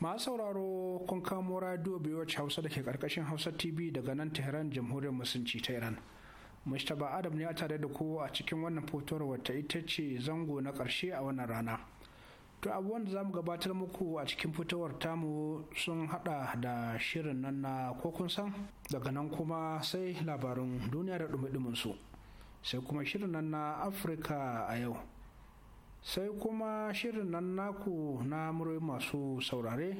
masu sauraro kun kamo radio bewatch hausa da ke karkashin hausa tv daga nan tehran jamhuriyar musulunci ta iran mustapha adam ne a tare da ku a cikin wannan fotowar wata ita ce zango na karshe a wannan rana to abubuwan da za mu gabatar muku a cikin fitowar tamu sun hada da shirin nan na kokun san daga nan kuma sai labarin duniya da dumi su sai kuma shirin nan na afirka a yau sai kuma shirin nan naku na murai masu saurare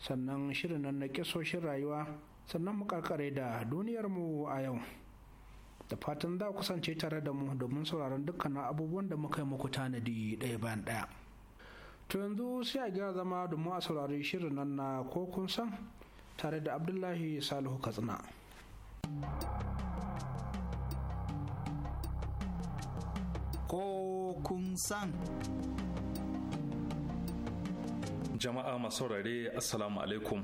sannan shirin nan na kisoshin rayuwa sannan mu karkare da duniyarmu a yau da fatan za kusance tare da mu domin sauraron dukkanin abubuwan da muka yi muku tanadi ɗaya bayan ɗaya to yanzu sai a gina zama domin a saurari shirin nan na ko kun san tare da abdullahi salihu katsina ko kun san jama'a masaurare saurare assalamu alaikum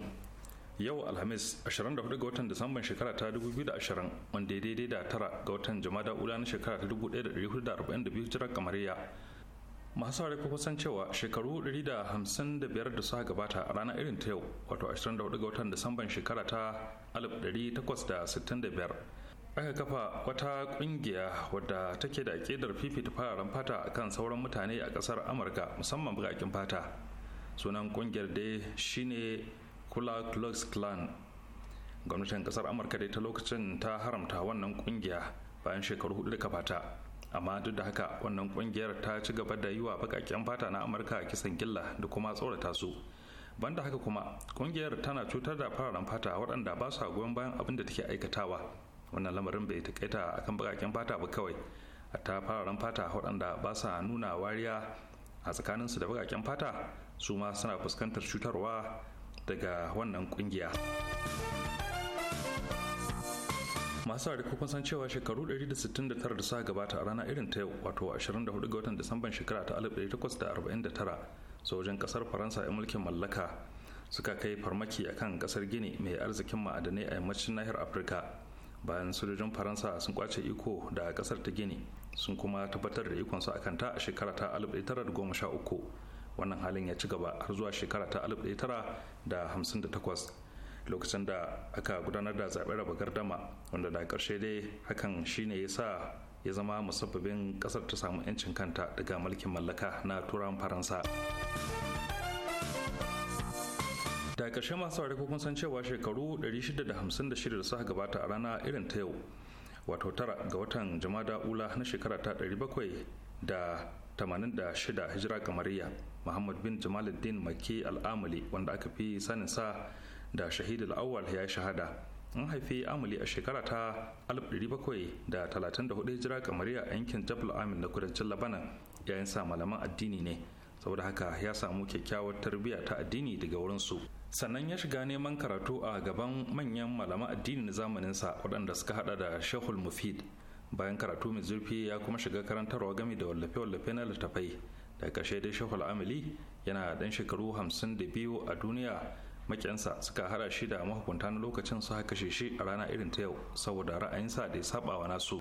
yau alhamis 24 ga watan disamban shekara ta 2020 wanda ya daidai da tara ga watan jama'a ula na shekara ta 1442 hijirar kamariya masu saurare ko kusan cewa shekaru 155 da suka gabata a ranar irin ta yau wato 24 ga watan disamban shekara ta 1865 aka kafa wata kungiya wadda take da aƙidar fifita fararen fata a kan sauran mutane a kasar amurka musamman baƙaƙen fata sunan kungiyar dai shine kula klux clan gwamnatin ƙasar amurka dai ta lokacin ta haramta wannan kungiya bayan shekaru hudu da kafata amma duk da haka wannan kungiyar ta ci gaba da yi wa baƙaƙen fata na amurka kisan gilla da kuma tsorata su banda haka kuma kungiyar tana cutar da fararen fata waɗanda ba su goyon bayan abin da take aikatawa wannan lamarin bai takaita akan bakaken fata ba kawai a ta fararen fata waɗanda ba sa nuna wariya a tsakaninsu da bakaken fata su ma suna fuskantar cutarwa daga wannan kungiya masu ko kun san cewa shekaru 169 da suka gabata a rana irin ta yau wato 24 ga watan disamban shekara ta 1849 sojan kasar faransa ya mulkin mallaka suka kai farmaki akan kasar gini mai arzikin ma'adanai a yammacin nahiyar afirka bayan sojojin faransa sun kwace iko da kasar ta gini sun kuma tabbatar da ikon su a kanta a shekara ta 1913 wannan halin ya ci gaba har zuwa shekara ta 1958 lokacin da aka gudanar da zaɓen raba gardama wanda da ƙarshe dai hakan shine ya sa ya zama musabbabin ƙasar ta samu 'yancin kanta daga mulkin mallaka na turan faransa da ƙarshe masu ko kun san cewa shekaru 656 da suka gabata a rana irin ta yau wato tara ga watan jama'a ula na shekara ta 786 hijira kamariya muhammad bin jamaluddin maki al'amali wanda aka fi sanin sa da shahid al'awwal ya shahada an haifi amali a shekara ta 734 hijira kamariya a yankin jabal amin na kudancin labanan yayin sa malaman addini ne saboda haka ya samu kyakkyawar tarbiyya ta addini daga wurinsu sannan ya shiga neman karatu a gaban manyan malaman addinin na zamaninsa waɗanda suka hada da shehul mufid bayan karatu mai zurfi ya kuma shiga karantarwa game da wallafe-wallafe na littafai daga ƙarshe dai shehul amili yana ɗan shekaru hamsin da biyu a duniya makiyansa suka hada shi da mahukunta na lokacin su haka shi a rana irin ta yau saboda ra'ayinsa da ya saɓawa nasu.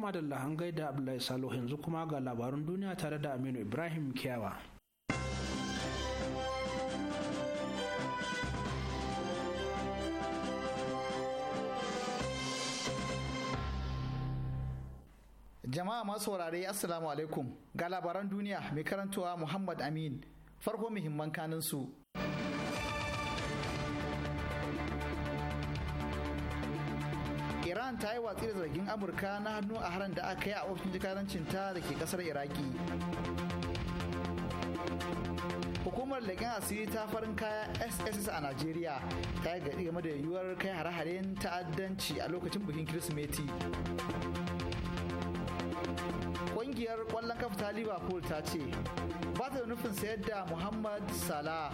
kuma da lahangai da Abdullahi Salo yanzu kuma ga labarun duniya tare da Aminu Ibrahim Kiyawa. Jama'a masu saurare Assalamu alaikum ga labaran duniya mai karantowa Muhammad Amin farko muhimman kanin iran ta yi watsi da zargin amurka na hannu a harin da aka yi a ofishin jikarancin ta da ke kasar iraki hukumar leƙen asiri ta farin kaya sss a najeriya ta yi gaɗi game da yiwuwar kai hare-haren ta'addanci a lokacin bikin kirsimeti ƙungiyar ƙwallon kafa ta liverpool ta ce ba ta da nufin sayar da muhammad salah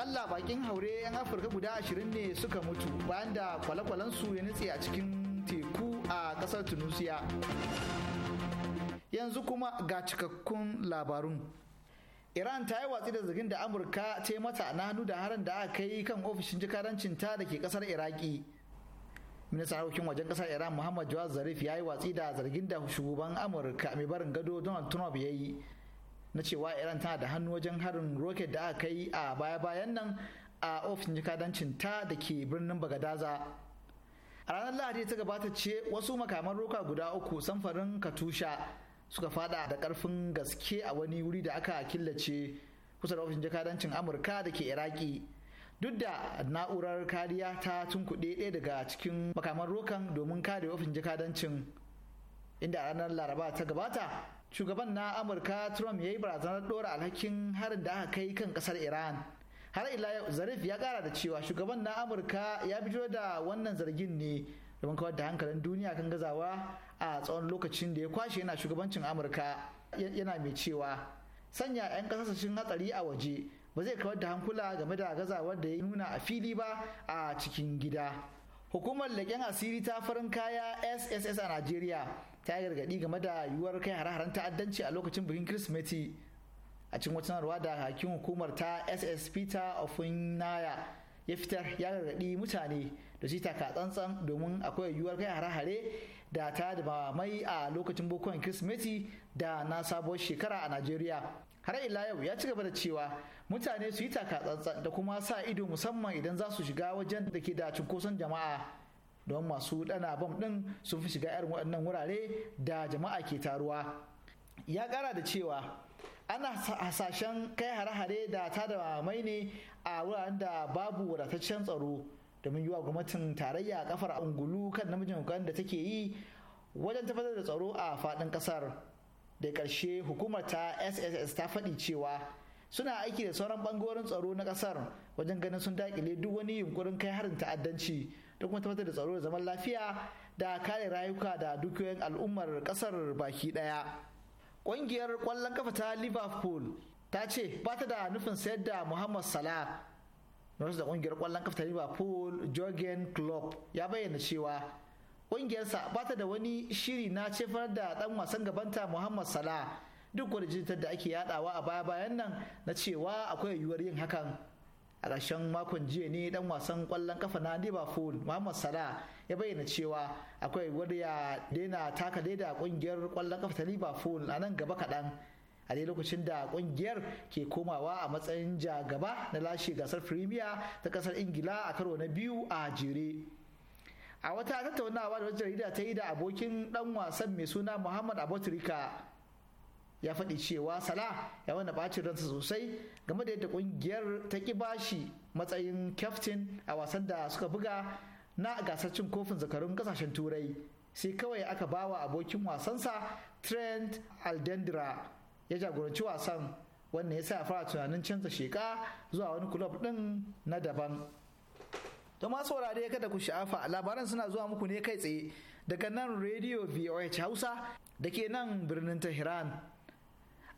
akalla bakin haure 'yan afirka guda ashirin ne suka mutu bayan da kwale-kwalensu ya nutse a cikin teku a kasar tunisia yanzu kuma ga cikakkun labarun iran ta yi watsi da zargin da amurka ta yi mata na hannu da harin da aka kai kan ofishin jikarancin ta da ke kasar iraki ministan harkokin wajen kasar iran muhammad jawad zarif ya yi watsi da zargin da shugaban amurka mai barin gado donald trump ya yi na cewa iran tana da hannu wajen harin roket da aka yi a baya-bayan nan a ofishin jikadancin ta da ke birnin bagadaza a ranar lahadi ta gabata ce wasu makaman roka guda uku samfarin katusha suka fada da karfin gaske a wani wuri da aka killace kusa da ofishin jikadancin amurka da ke iraki duk da na'urar kariya ta tunkuɗe ɗaya daga cikin makaman rokan domin kare ofishin jikadancin inda ranar laraba ta gabata shugaban na amurka trump ya yi barazanar ɗora alhakin harin da aka kai kan ƙasar iran har ila yau zarif ya kara da cewa shugaban na amurka ya bijiro da wannan zargin ne domin kawar da hankalin duniya kan gazawa a tsawon lokacin da ya kwashe yana shugabancin amurka yana mai cewa sanya 'yan ƙasashen hatsari a waje ba zai kawar da hankula game da gazawar da ya nuna a fili ba a cikin gida hukumar leƙen asiri ta farin kaya sss a najeriya ta yi gargadi game da yiwuwar kai hare-haren ta'addanci a lokacin bikin kirsimeti a cikin wata sanarwa da hakin hukumar ta ss peter ofunaya ya fitar ya gargaɗi mutane da su taka tsantsan domin akwai yiwuwar kai hare-hare da ta da mai a lokacin bukukuwan kirsimeti da na sabuwar shekara a najeriya har ila yau ya ci gaba da cewa mutane su yi taka tsantsan da kuma sa ido musamman idan za su shiga wajen da ke da cunkoson jama'a don masu dana bam din sun fi shiga irin waɗannan wurare da jama'a ke taruwa ya ƙara da cewa ana hasashen kai hare-hare da da mai ne a wuraren da babu wadataccen tsaro domin yiwa gwamnatin tarayya kafar Ungulu kan namijin hukumar da take yi wajen tabbatar da tsaro a faɗin ƙasar da ƙarshe hukumar ta sss ta faɗi cewa suna aiki da sauran ɓangarorin tsaro na ƙasar wajen ganin sun daƙile duk wani yunkurin kai harin ta'addanci da kuma tabbatar da tsaro da zaman lafiya da kare rayuka da dukiyoyin al'ummar kasar baki daya ƙungiyar ƙwallon kafa ta liverpool ta ce ba ta da nufin sayar da muhammad salah nurse da ƙungiyar ƙwallon kafa ta liverpool jorgen klopp ya bayyana cewa ƙungiyarsa ba ta da wani shiri na cefar da ɗan wasan gabanta muhammad salah duk wani da ake yadawa a baya-bayan nan na cewa akwai yiwuwar yin hakan a ƙarshen makon jiya ne dan wasan ƙwallon kafa na liverpool muhammad Salah ya bayyana cewa akwai wanda ya daina taka daida ƙungiyar kwallon kafa ta liverpool a nan gaba kaɗan a dai lokacin da kungiyar ke komawa a matsayin ja gaba na lashe gasar firimiya ta kasar ingila a karo na biyu a jere a wata tattaunawa da jarida ta yi da abokin dan wasan mai suna muhammad abotrika ya faɗi cewa sala ya wani bacin ransa sosai game da yadda kungiyar ta ki bashi matsayin kyaftin a wasan da suka buga na gasar cin kofin zakarun kasashen turai sai kawai aka bawa abokin wasansa trent aldendra ya jagoranci wasan wannan ya sa ya fara tunanin canza sheka zuwa wani kulob din na daban to ma saurare kada ku sha'afa labaran suna zuwa muku ne kai tsaye daga nan radio voh hausa da ke nan birnin tehran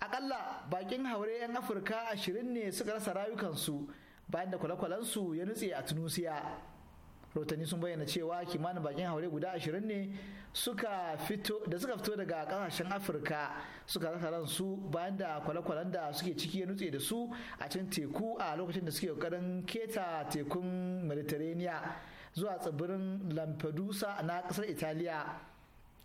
akalla bakin haure 'yan afirka ashirin ne suka rasa rayukansu bayan da kwale-kwalensu ya nutse a tunusiya rahotanni sun bayyana cewa kimanin bakin haure guda ashirin ne suka da suka fito daga kasashen afirka suka rasa ransu bayan da kwale-kwalen da suke ciki ya nutse da su a cikin teku a lokacin da suke kokarin keta tekun mediterranean zuwa tsibirin lampedusa na kasar italiya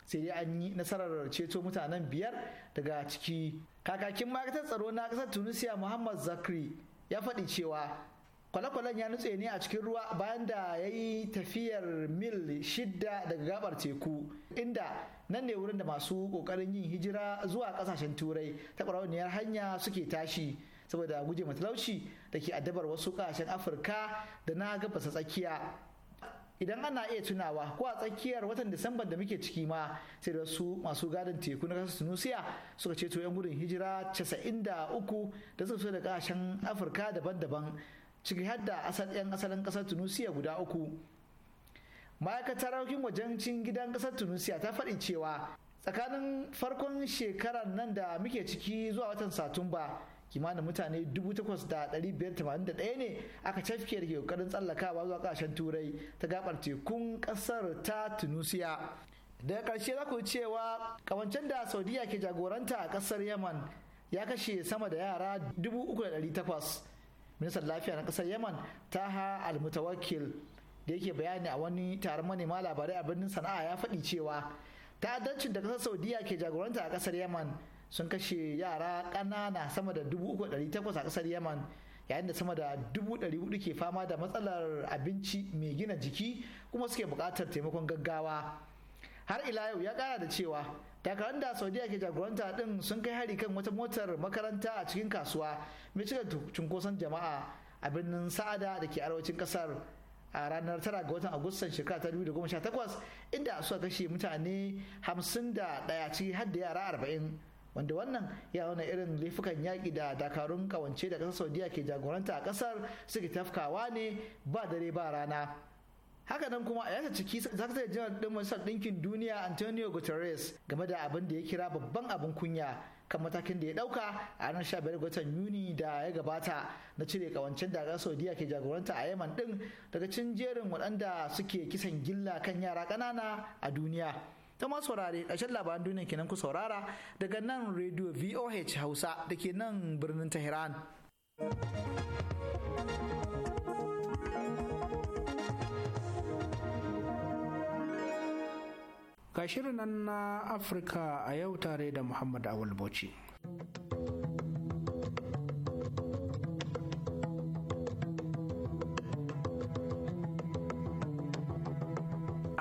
sai dai an yi nasarar ceto mutanen biyar daga ciki kakakin ma'aikatar tsaro na ƙasar tunisia muhammad zakri ya faɗi cewa kwale-kwalen ya nutse ne a cikin ruwa bayan da ya yi tafiyar mil shida daga gabar teku inda nan ne wurin da masu ƙoƙarin yin hijira zuwa ƙasashen turai ta ƙwararriyar hanya suke tashi saboda guje matalauci da ke addabar wasu ƙasashen afirka da na gabasa tsakiya idan ana iya tunawa ko a tsakiyar watan disamba da muke ciki ma sai da su masu gadon teku na kasar tunusiya suka ceto yan gudun hijira 93 da suka fito da kasashen afirka daban-daban ciki har da yan asalin kasar tunusiya guda uku ma'aikatar wajen cin gidan kasar tunusiya ta faɗi cewa tsakanin farkon shekarar nan da muke ciki zuwa watan satumba kimanin mutane 8,581 ne aka cafke da ke kokarin tsallakawa zuwa kasashen turai ta gabar tekun kasar ta tunisia daga ƙarshe za ku cewa ƙawancin da saudiya ke jagoranta a kasar yaman ya kashe sama da yara 3,800 ministan lafiya na kasar yaman ta ha almutawakkil da yake bayani a wani taron manema labarai a birnin sana'a ya faɗi cewa ta'addancin da kasar saudiya ke jagoranta a kasar yaman sun kashe yara ƙanana sama da 3,800 a ƙasar yaman yayin da sama da 4,000 ke fama da matsalar abinci mai gina jiki kuma suke buƙatar taimakon gaggawa har ila yau ya ƙara da cewa takarar da saudiya ke jagoranta din sun kai hari kan wata motar makaranta a cikin kasuwa mai cika cunkoson jama'a a birnin sa'ada da ke arewacin kasar a ranar 9 ga watan agustan shekara ta 2018 inda suka kashe mutane 51 ciki har da yara arba'in. wanda wannan ya wani irin laifukan yaƙi da dakarun kawance da ƙasar saudiya ke jagoranta a ƙasar suke tafkawa ne ba dare ba rana haka nan kuma a yasa ciki sakatare janar ɗin majalisar ɗinkin duniya antonio guterres game da abin da ya kira babban abin kunya kan matakin da ya ɗauka a ranar 15 ga watan yuni da ya gabata na cire kawancin da ƙasar saudiya ke jagoranta a yaman ɗin daga cin jerin waɗanda suke kisan gilla kan yara ƙanana a duniya ta ma saurare ƙarshen labaran duniya kenan ku saurara daga nan radio voh hausa da ke nan birnin tehran ga shirin nan na afirka a yau tare da muhammad awul bauchi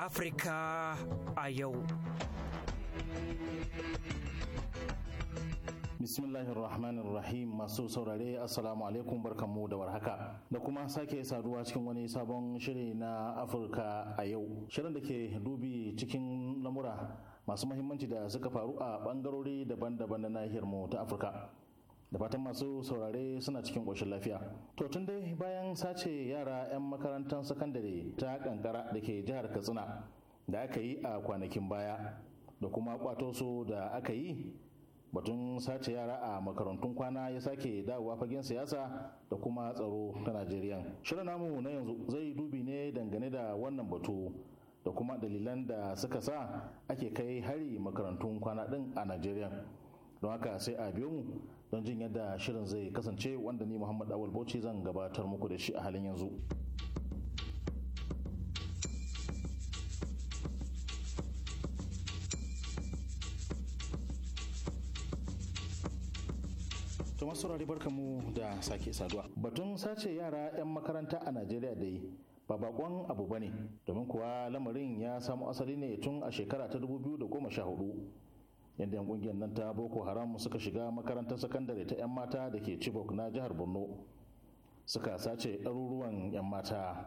Afirka a yau. rahim masu saurare assalamu alaikum barkanmu da warhaka da kuma sake saduwa cikin wani sabon shiri na Afirka a yau. Shirin da ke dubi cikin lamura masu mahimmanci da suka faru a bangarori daban-daban na nahiyarmu ta Afirka. Da fatan masu saurare suna cikin ƙoshin lafiya. To tun dai bayan sace yara 'yan makarantar sakandare ta kankara da ke jihar Katsina da aka yi a kwanakin baya da kuma kwato su da aka yi batun sace yara a makarantun kwana ya sake dawowa fagen siyasa da kuma tsaro ta najeriya shirin namu na yanzu zai dubi ne dangane da wannan batu da kuma dalilan da suka sa ake kai hari makarantun kwana din a najeriya don haka sai a biyo mu don jin yadda shirin zai kasance wanda ni muhammad awal bauchi zan gabatar muku da shi a halin yanzu. masu barka mu da sake saduwa batun sace yara 'yan makaranta a najeriya da yi ba bakon abu ba ne domin kuwa lamarin ya samu asali ne tun a shekara ta 2014 yadda 'yan kungiyar nan ta boko haram suka shiga makarantar sakandare ta 'yan mata da ke chibok na jihar borno suka sace ɗaruruwan 'yan mata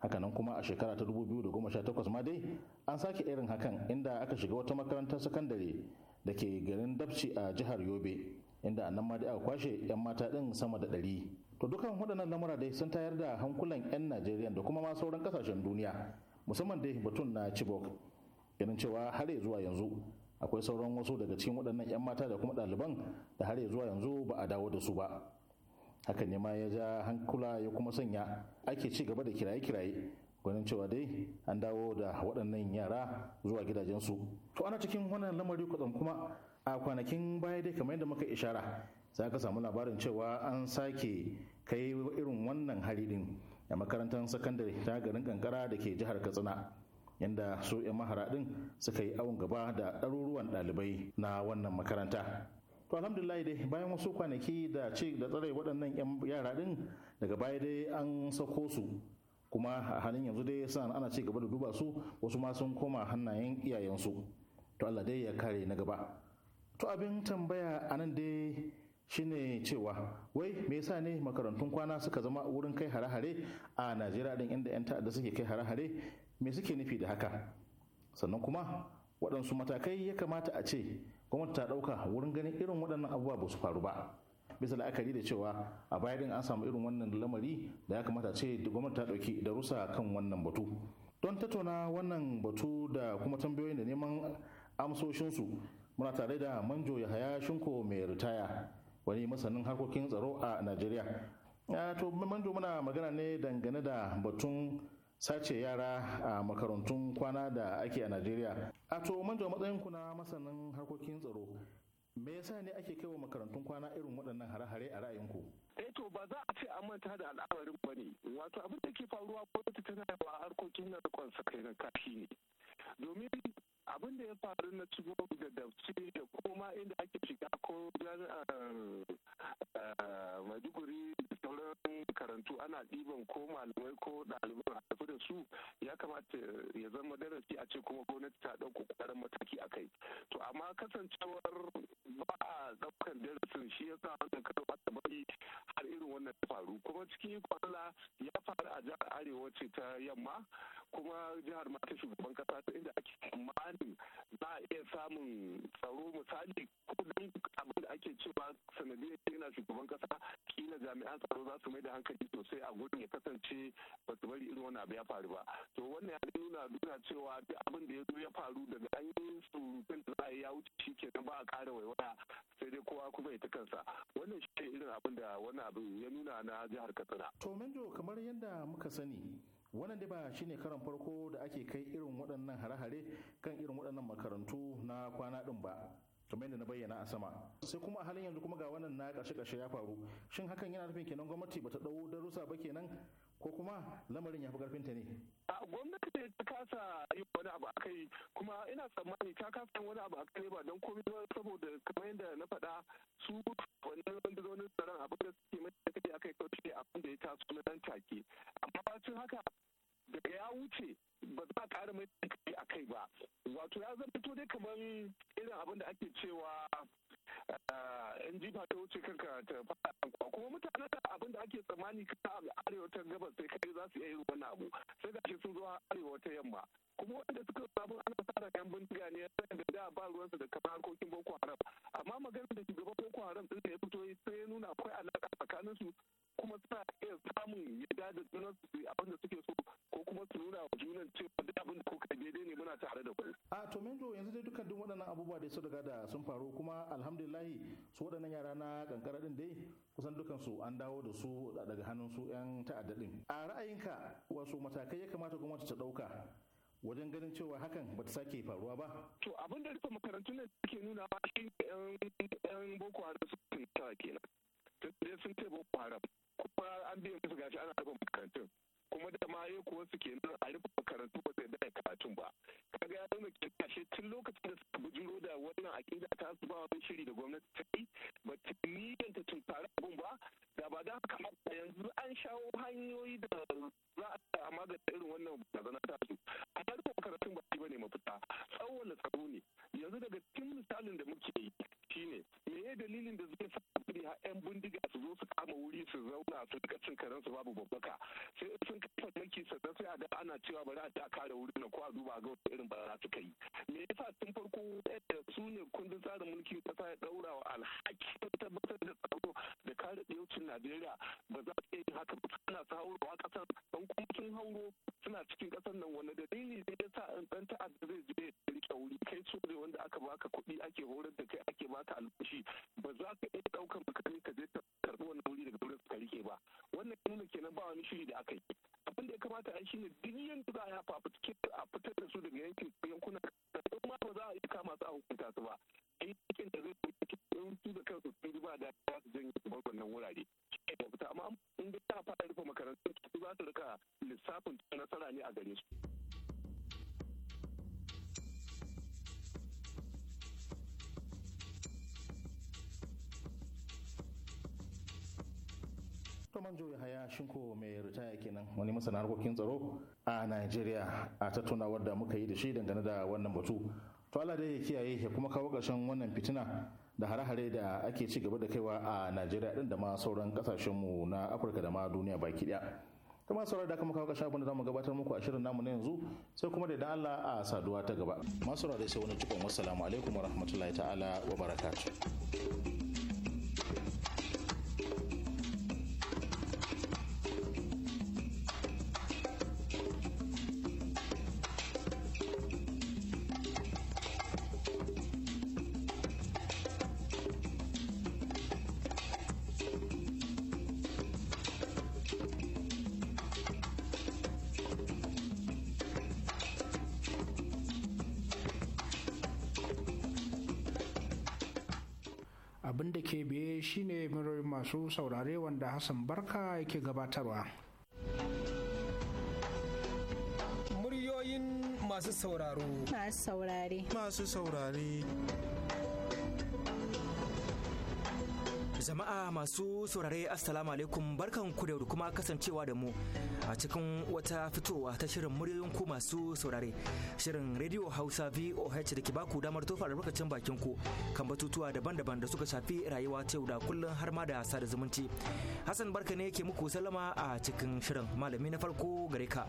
hakanan kuma a shekara ta 2018 ma dai an sake irin hakan inda aka shiga wata makarantar sakandare da ke garin dabci a jihar yobe inda a nan ma dai aka kwashe 'yan mata din sama da ɗari to dukan waɗannan lamura dai sun tayar da hankulan 'yan najeriya da kuma ma sauran ƙasashen duniya musamman dai batun na chibok ganin cewa har zuwa yanzu akwai sauran wasu daga cikin waɗannan 'yan mata da kuma ɗaliban da har zuwa yanzu ba a dawo da su ba hakan ne ma ya ja hankula ya kuma sanya ake ci gaba da kiraye-kiraye gwanin cewa dai an dawo da waɗannan yara zuwa gidajensu to ana cikin wannan lamari kwatsam kuma a kwanakin baya dai kamar yadda muka ishara za ka samu labarin cewa an sake kai irin wannan hari din a makarantar sakandare ta garin kankara da ke jihar katsina yadda su 'yan mahara din suka yi awon gaba da ɗaruruwan ɗalibai na wannan makaranta to alhamdulillah dai bayan wasu kwanaki da ce da tsare waɗannan 'yan yara din daga baya dai an sako su kuma a halin yanzu dai sa'an ana ci gaba da duba su wasu ma sun koma hannayen iyayensu to Allah dai ya kare na gaba to abin tambaya a nan dai shine cewa wai me yasa ne makarantun kwana suka zama wurin kai hare-hare a najeriya din inda 'yan ta'adda suke kai hare-hare me suke nufi da haka sannan kuma waɗansu matakai ya kamata a ce gwamnati ta ɗauka wurin ganin irin waɗannan abubuwa ba su faru ba bisa la'akari da cewa a baya din an samu irin wannan lamari da ya kamata ce gwamnati ta ɗauki da rusa kan wannan batu don tattauna wannan batu da kuma tambayoyin da neman amsoshinsu muna tare da manjo yahaya shinko mai ritaya wani masanin harkokin tsaro a najeriya to manjo muna magana ne dangane da batun sace yara a makarantun kwana da ake a najeriya a to manjo matsayin ku na masanin harkokin tsaro me yasa ne ake kaiwa makarantun kwana irin waɗannan hare-hare a ra'ayinku eh to ba za a ce an manta da al'amarin ba ne wato abin da ke faruwa ko ta tana yawa harkokin na kwansa kai na kashi ne domin abin da ya faru na cigo da dabci da koma inda ake shiga ko eh, eh, maiduguri da sauran karantu ana ɗiban ko malamai ko ɗaliban a tafi da su ya kamata ya zama darasi a ce kuma gwamnati ta ɗauko ƙoƙarin mataki a kai to amma kasancewar ba a ɗaukan darasin shi ya sa wannan karo ta bari har irin wannan ta faru kuma cikin kwalla ya faru a jihar arewa ce ta yamma kuma jihar ma ta shugaban kasa ta inda ake tsammanin za a iya samun tsaro misali kudin abin da ake cewa sanadiyar yana shugaban kasa kila jami'an tsaro za su mai da hankali sosai a gurin ya kasance ba su bari irin wani abu ya faru ba to wannan ya nuna nuna cewa duk abin da ya zo ya faru daga an yi surutun da za a yi ya wuce shi ke ba a kara waiwaya sai dai kowa kuma ya ta kansa wannan shi irin abin da wani abu ya nuna na jihar katsina. to menjo kamar yadda muka sani wannan dai ba shine karan farko da ake kai irin waɗannan hare-hare kan irin waɗannan makarantu na kwana ɗin ba kamar yadda na bayyana a sama sai kuma a halin yanzu kuma ga wannan na ƙarshe ƙarshe ya faru shin hakan yana nufin kenan gwamnati ba bata ɗau darussa ba kenan ko kuma lamarin ya fi ta ne a gwamnati ne ta kasa yi wani abu yi kuma ina tsammani ta kasa yi wani abu yi ba don komai ba saboda kamar yadda na faɗa su wannan rundunonin tsaron abu da suke mai da kai yi kawai ne abin da ya taso na nan take amma bacin haka da ya wuce ba za a ƙara mai da a kai ba wato ya zama to dai kamar irin abin da ake cewa yan eh, ba ta wuce kanka ta fara kuma mutanen da abin da ake tsammani kan arewa ta gabas sai kai za su iya yin wani abu sai shi sun zo arewa ta yamma kuma wanda suka samu ana fara yan bindiga ne da da ba ruwansa da kamar harkokin boko haram amma maganar da shugaban boko haram din da ya fito sai ya nuna akwai alaka tsakanin su kuma suna iya samun yadda da junan su abin da suke so ko kuma su nuna wa junan cewa duk abin da kuka daidai ne muna tare da kwai. a to mendo yanzu dai dukkan waɗannan abubuwa da su daga da sun faru kuma alhamdulillahi su waɗannan yara na kankara din dai kusan dukkan su an dawo da su daga hannun su yan ta'adda din a ra'ayinka wasu matakai ya kamata gwamnati ta ɗauka wajen ganin cewa hakan ba ta sake faruwa ba. To abin da rufe makarantun nan suke nuna shi yan Boko Haram su tara kenan. Sun ce Boko Haram kuma an biya musu gashi ana rufe makarantun. kuma da maye kuwa su nan a rufe karatu ba da da karatun ba kaga ya zama ke kashe tun lokacin da suka bujiro da wannan aƙida ta su ba wani shiri da gwamnati ta yi ba ta niyyar ta tunkari abun ba da ba da haka yanzu an shawo hanyoyi da za a magance irin wannan barazana ta su amma rufe karatun ba ba ne mafita tsawon tsaro ne yanzu daga cikin misalin da muke yi shine me ya dalilin da zai sa 'yan bindiga su zo su kama wuri su zauna su rika cin karensu babu babbaka sai sun an kai maki sannan sai a ga ana cewa bari a ta kare wurin na ko a duba ga wata irin bara suka yi me yasa tun farko su ne kundin tsarin mulki kasa ya daura wa alhaki tabbatar da tsaro da kare ɗaucin najeriya ba za su iya haka ba suna saurawa kasar don kuma sun hauro suna cikin kasar nan da dalili ne ya sa ɗan ta'adda zai je ya riƙe wuri kai so ne wanda aka baka kuɗi ake horar da kai ake baka albashi ba za ka iya ɗaukar makami ka je ka karɓi wani wuri daga wurin ka rike ba wannan nuna kenan ba wani shiri da aka yi abin da ya kamata a shine duk yanzu za a yafa a fitar da su daga yankin yankunan da kuma ba za a iya kama su a hukunta su ba a yi cikin da zai cikin su da kansu sun ba da za su janye su bar wannan wurare shi da fita amma in da ta fara rufe makarantu su za su rika lissafin nasara ne a gare su. dr manjo haya shinko mai ritaya kenan wani masana harkokin tsaro a nigeria a tattaunawar da muka yi da shi dangane da wannan batu to allah dai ya kiyaye ya kuma kawo ƙarshen wannan fitina da hare-hare da ake ci gaba da kaiwa a najeriya din da ma sauran kasashenmu na afirka da ma duniya baki daya kuma sauran da kuma kawo ƙarshen abin da zamu gabatar muku a shirin namu na yanzu sai kuma da idan allah a saduwa ta gaba masu dai sai wani cikon wassalamu alaikum wa rahmatullahi ta'ala wa barakatuh masu saurare wanda Hassan Barka yake gabatarwa. Muryoyin masu sauraro. Masu saurare. Masu saurare. Jama'a masu saurare Assalamu alaikum barkan ku da kuma kasancewa da mu a cikin wata fitowa ta shirin muryoyin masu saurare. Shirin Radio Hausa VOH da ke baku damar tofa albarkacin bakin ku kan batutuwa daban-daban da suka shafi rayuwa ta yau da kullum har ma da sada zumunci. Hassan barka ne ke muku salama a cikin shirin malami na farko gare ka.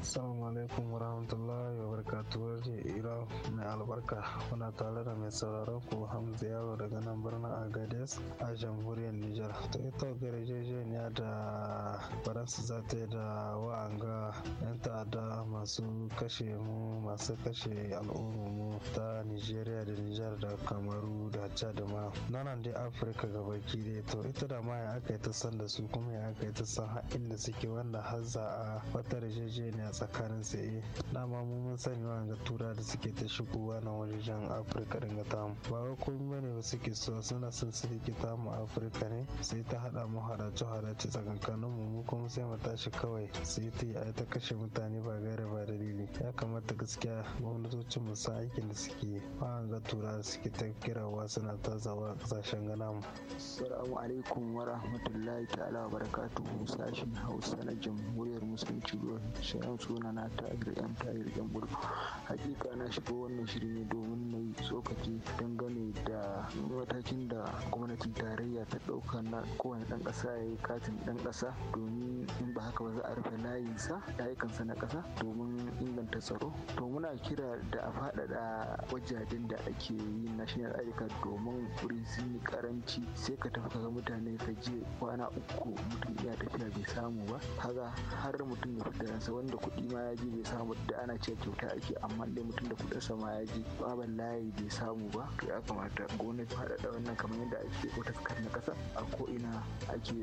Assalamu alaikum wa rahmatullahi wa Ira mai albarka kuna tare da mai sauraron ku Hamza Yaro daga nan birnin Agadez a jamhuriyar nijar ta ita yarjejeniya da faransa za ta yi da wa'anga 'yan ta'adda masu kashe mu masu kashe al'ummu ta Nijeriya da nijar da kamaru da chad ma nanan dai afirka gabaki dai to ita da ma ya aka yi ta san da su kuma ya aka yi ta san haɗin da suke wanda har za a wata yarjejeniya tsakanin su eh dama mu mun sani wa'anga tura da suke ta shigowa na wajen afirka dinga tamu ba ko komai ne ba suke so suna son su rikita mu a afirka ne sai ta hada mu harace harace tsakankanin mu mu kuma sai mu tashi kawai sai ta yi ta kashe mutane ba gaira ba dalili ya kamata gaskiya gwamnatocin mu san aikin da suke ba an ga tura suke ta kirawa suna zawa kasashen gana mu assalamu alaikum wa rahmatullahi ta'ala wa barakatu sashin hausa na jamhuriyar musulunci ruwan shayan suna na ta'ir yan ta'ir yan gurbu hakika na shigo wannan shirin ne domin na yi tsokaci dangane da matakin da gwamnatin tarayya iya ta ɗaukar na kowane ɗan ƙasa ya yi katin ɗan ƙasa domin in ba haka ba za a rufe layinsa layukansa na ƙasa domin inganta tsaro to muna kira da a faɗaɗa wajajen da ake yin national id card domin wurin sun yi karanci sai ka tafi kaga mutane ka je kwana uku mutum ya tafiya bai samu ba haka har mutum ya fita ransa wanda kuɗi ma ya je bai samu da ana cewa kyauta ake amma dai mutum da kuɗinsa ma ya je baban layi bai samu ba to ya kamata gwamnati faɗaɗa wannan kamar yadda ake wata na kasa a ko'ina ake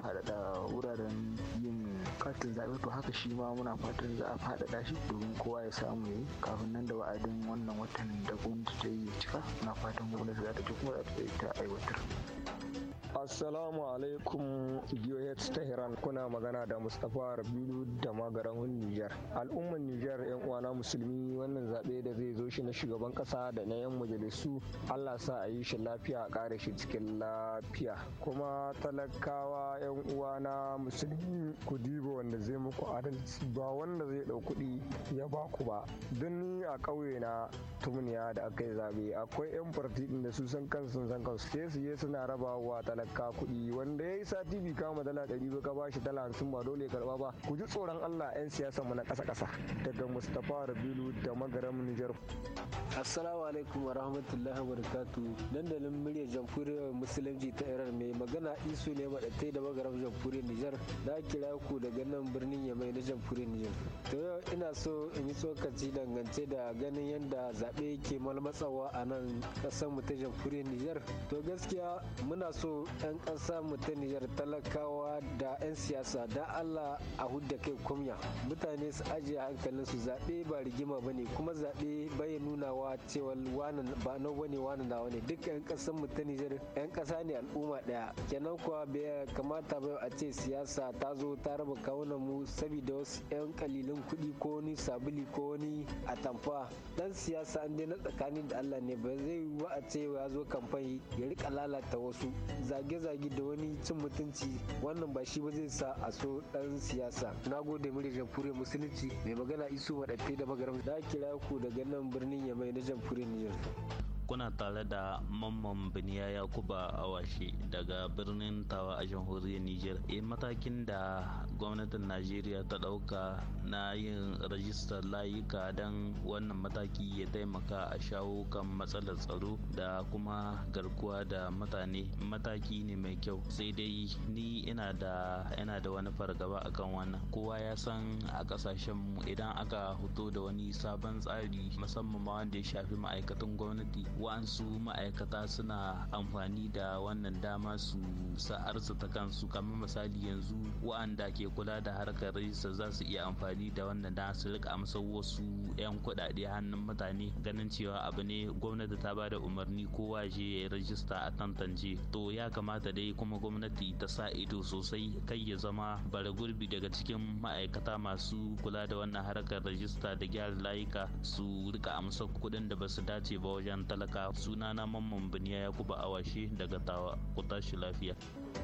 faɗaɗa wuraren yin katin zaɓe to haka shi ma muna fatan za a faɗaɗa shi domin kowa ya samu yi kafin nan da wa'adin wannan watan da gwamnati ta yi cika na fatan gwamnati za ta ci kuma za ta aiwatar. Assalamu alaikum DOH Tehran kuna magana da Mustapha Rabilu da magaran Nijar. Al'umman Nijar yan uwana musulmi wannan zaɓe da zai zo shi na shugaban ƙasa da na yan majalisu Allah sa a yi shi lafiya a ƙare shi cikin lafiya. Kuma talakawa yan uwana musulmi ku diba wanda zai muku adalci ba wanda zai ɗau kuɗi ya ba ku ba. Don ni a ƙauye na tumniya da aka yi zaɓe akwai yan farti da su san kansu san kansu ke su suna rabawa talaka kuɗi wanda ya yi sati bi kama dala ɗari ba ka bashi dala hamsin ba dole karɓa ba ku ji tsoron Allah 'yan siyasa mu na ƙasa ƙasa daga Mustapha Rabilu da magaram Nijar. Assalamu alaikum wa rahmatullahi wa barakatuh dandalin muryar jamhuriyar musulunci ta Iran mai magana isu ne ɗatai da magaram jamhuriyar Nijar na kira ku daga nan birnin Yamai na jamhuriyar Nijar. To yau ina so in yi tsokaci dangance da ganin yadda zaɓe ke malmatsawa a nan ƙasar mu ta jamhuriyar Nijar. To gaskiya muna so 'yan ƙasa mu ta talakawa da 'yan siyasa da Allah a hudda kai kumya. Mutane su ajiye hankalin su zaɓe ba rigima ba ne kuma zaɓe bai nunawa cewa wani ba na wani wani na wani duk 'yan ƙasar mu ta Nijar 'yan ƙasa ne al'umma ɗaya. Kenan kuwa bai kamata ba a ce siyasa ta zo ta raba kawunan mu saboda wasu 'yan kalilin kuɗi ko wani sabuli ko wani atamfa. Dan siyasa an dai na tsakanin da Allah ne ba zai yi wa a ce ya zo kamfani ya riƙa lalata wasu zage-zage da wani cin mutunci wannan ba shi ba zai sa a so dan siyasa na gode muri da musulunci mai magana isu wadafe da magaram da kira ku daga nan birnin yamai na jamhuriyar niger kuna tare da mamman biniya a washe daga birnin tawa a jamhuriyar niger e matakin da gwamnatin najeriya ta ɗauka na yin rajistar layuka don wannan mataki ya taimaka a shawo kan matsalar tsaro da kuma garkuwa da mutane mataki ne mai kyau sai dai ni ina da ina da wani fargaba akan wannan kowa ya san a kasashenmu idan aka hoto da wani sabon tsari musamman ma wanda ya shafi ma'aikatan gwamnati wa'ansu ma'aikata suna amfani da wannan dama su sa'arsa ta kansu kamar misali yanzu wa'anda ke kula da harkar rajista za su iya amfani da wannan dama su rika amsa wasu 'yan kuɗaɗe hannun mutane ganin cewa abu ne gwamnati ta ba da umarni kowa je ya rajista a tantance to ya kamata dai kuma gwamnati ta sa ido sosai kai ya zama bara gurbi daga cikin ma'aikata masu kula da wannan harkar rajista da gyara layuka su rika amsa kuɗin da basu dace ba wajen talaka suna na mamman biniya yakuba awashi daga tawa ku tashi lafiya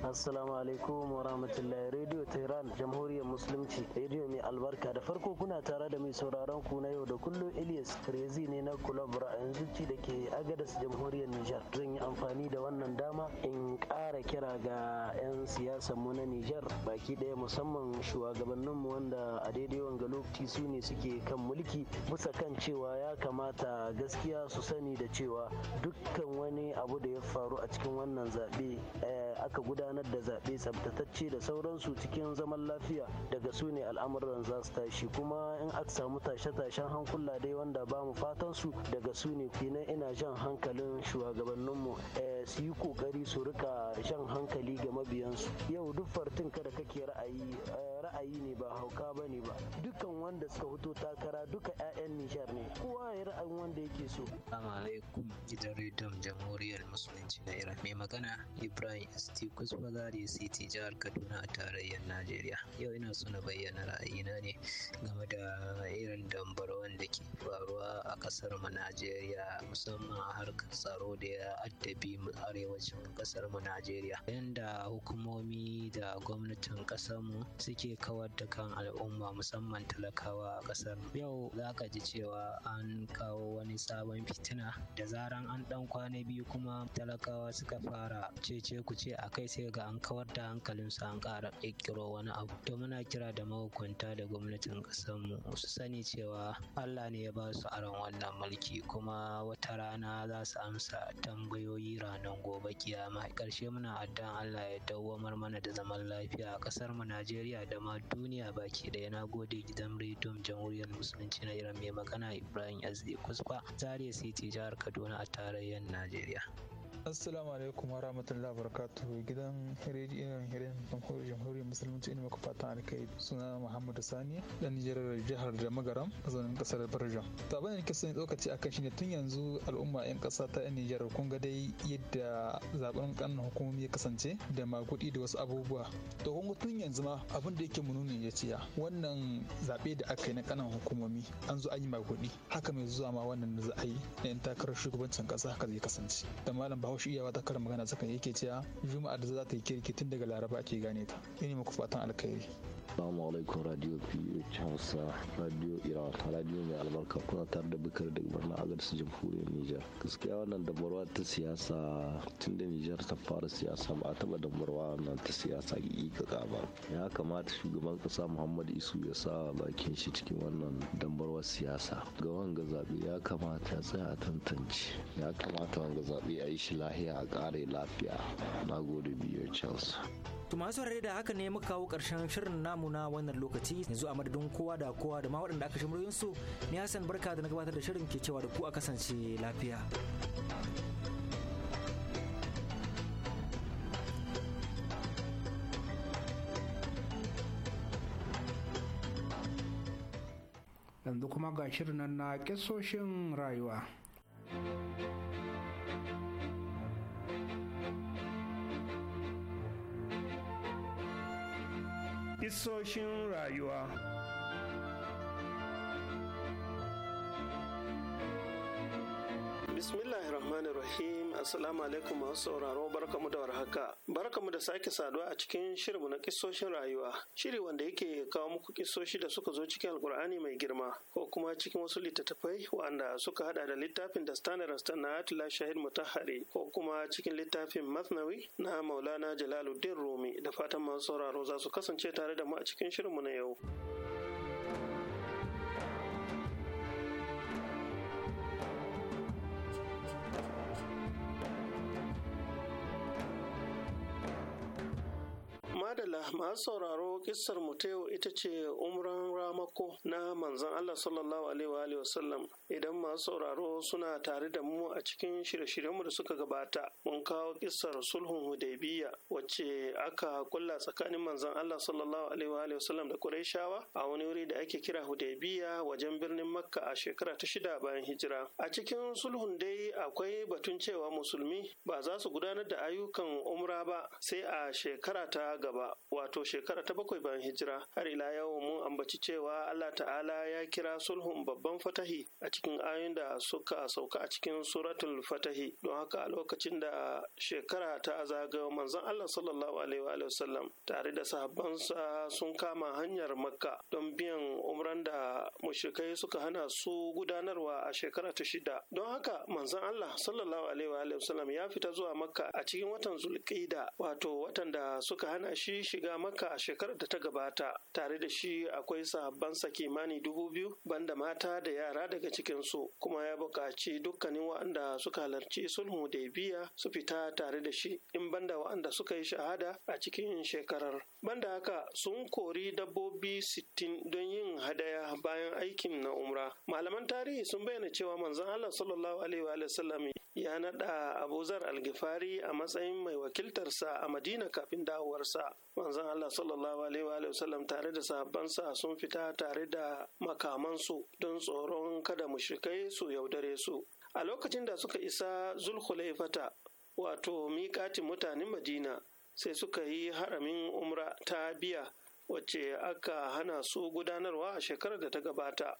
Assalamu alaikum wa rahmatullahi Radio Tehran Jamhuriyar Musulunci Radio mai albarka da farko kuna tare da mai sauraron ku na yau da kullum Ilyas rezi ne na Club Ra'ayin Zuci da ke Agadas Jamhuriyar Nijar. Zan yi amfani da wannan dama in ƙara kira ga 'yan siyasar mu na Nijar baki ɗaya musamman shugabannin mu wanda a daidai wanga lokaci su ne suke kan mulki bisa kan cewa ya kamata gaskiya su sani da cewa cewa dukkan wani abu da ya faru a cikin wannan zaɓe eh, aka gudanar da zaɓe tsabtatacce da sauransu cikin zaman lafiya daga su ne al'amuran za su tashi kuma in aka samu tashe-tashen hankula dai wanda ba mu fatan su daga su ne kenan ina jan hankalin shugabanninmu eh, su yi kokari su rika jan hankali ga mabiyansu yau duk fartin kada kake ra'ayi eh, ra'ayi ne ba hauka ba ne ba dukkan wanda suka fito takara duka 'ya'yan nijar ne kowa ya ra'ayin wanda yake so gidan rediyon jamhuriyar musulunci na iran mai magana ibrahim st kusbazari city jihar kaduna a tarayyar najeriya yau ina so na bayyana ra'ayina ne game da irin dambarwan da ke faruwa a kasar mu najeriya musamman a harkar tsaro da ya addabi mu arewacin kasar mu najeriya yanda hukumomi da gwamnatin kasar mu suke kawar da kan al'umma musamman talakawa a kasar yau za ka ji cewa an kawo wani sabon fitina da zaran an ɗan kwana biyu kuma talakawa suka fara cece ku ce a kai sai ga an kawar da su an ƙara ƙirƙiro wani abu to muna kira da mahukunta da gwamnatin mu su sani cewa allah ne ya ba su aron wannan mulki kuma wata rana za su amsa tambayoyi ranar gobe kiyama ƙarshe muna addan allah ya dawwamar mana da zaman lafiya a ƙasar mu najeriya da ma duniya baki ɗaya na gode gidan rediyon jamhuriyar musulunci na iran mai magana ibrahim azdi kusfa zaria city jihar kaduna Kaduna a tarayyar Najeriya. assalamu alaikum warahmatullahi wabarakatuh gidan rediyon hirin jamhuriyar jamhuriyar musulunci ina maka fatan kai suna muhammadu sani dan nijarar jihar da magaram zanen kasar barjan to abin da nake son tsokaci akan shine tun yanzu al'umma yan kasa ta yan nijar kun ga dai yadda zaben kanin hukumomi ya kasance da magudi da wasu abubuwa to kun tun yanzu ma abin da yake mununi ya ciya wannan zabe da aka yi na kanan hukumomi an zo an yi magudi haka mai zuwa ma wannan da za a yi na yan takarar shugabancin kasa haka zai kasance da malam bahaushe iya wata karin magana sakan yake cewa juma'ar da za ta yi kirki tun daga laraba ake gane ta ina muku fatan alkhairi Assalamu alaikum Radio PH Hausa Radio Iran Radio mai albarka kuna tare da bukar daga birnin Agadis Jamhuriyar Nijar. Gaskiya wannan damarwa ta siyasa tun da Nijar ta fara siyasa ba a taba damarwa nan ta siyasa ga ba. Ya kamata shugaban kasa muhammad Isu ya sa bakin shi cikin wannan damarwar siyasa. Ga wanga zaɓe ya kamata ya tsaya a tantance. Ya kamata wanga zaɓe a yi shi lahiya a ƙare lafiya. Na gode biyu Chelsea. To masu rare da haka ne muka kawo ƙarshen shirin namu na wannan lokaci yanzu a madadin kowa da kowa da ma waɗanda aka shimriyoyin su ni Hassan barka da na gabatar da shirin ke cewa da ku a kasance lafiya. Yanzu kuma ga shirin na kisoshin rayuwa. Hissoshin rayuwa. Bismillahirrahmanirrahim assalamu alaikum masu sauraro barkamu da warhaka mu da sake saduwa a cikin shirinmu na kisoshin rayuwa shiri wanda yake kawo muku kisoshi da suka zo cikin alkur'ani mai girma ko kuma cikin wasu littattafai wanda suka hada da littafin da standard na atila shahid mutahari ko kuma cikin littafin masnawi na maulana jalaluddin rumi da fatan masu sauraro za su kasance tare da mu a cikin shirinmu na yau. masu sauraro kissar mu ta yau ita ce umran ramako na manzon Allah sallallahu alaihi wa sallam idan masu sauraro suna tare da mu a cikin shirye-shiryenmu da suka gabata mun kawo kissar sulhun hudaybiya wacce aka kulla tsakanin manzon Allah sallallahu alaihi wa sallam da Qurayshawa a wani wuri da ake kira hudaybiya wajen birnin Makka a shekara ta shida bayan hijira a cikin sulhun dai akwai batun cewa musulmi ba za su gudanar da ayyukan umra ba sai a shekara ta gaba wato shekara ta bakwai bayan hijira har ila yau mun ambaci cewa cewa Allah ta'ala ya kira sulhun babban fatahi a cikin ayoyin da suka sauka a cikin suratul fatahi don haka a lokacin da shekara ta zagayo manzon Allah sallallahu alaihi wa sallam tare da sahabbansa sun kama hanyar makka don biyan umran da mushrikai suka hana su gudanarwa a shekara ta shida don haka manzon Allah sallallahu alaihi wa sallam ya fita zuwa makka a cikin watan zulqa'ida wato watan da suka hana shi shiga makka a shekarar da ta gabata tare da shi akwai sa sahabbansa kimani dubu biyu banda mata da yara daga cikin su kuma ya buƙaci dukkanin waɗanda suka halarci sulhu da biya su fita tare da shi in banda waɗanda suka yi shahada a cikin shekarar banda haka sun kori dabbobi sittin don yin hadaya bayan aikin na umra malaman tarihi sun bayyana cewa manzon Allah sallallahu alaihi wa sallam ya naɗa abuzar Algifari a matsayin mai wakiltarsa a Madina kafin dawowarsa manzon Allah sallallahu alaihi wa sallam tare da sahabbansa sun fita tare da makamansu don tsoron kada mushrikai su yaudare su a lokacin da suka isa zulhulaifata wato miƙatin mutanen madina sai suka yi haramin umra ta biya wacce aka hana su gudanarwa a shekarar da ta gabata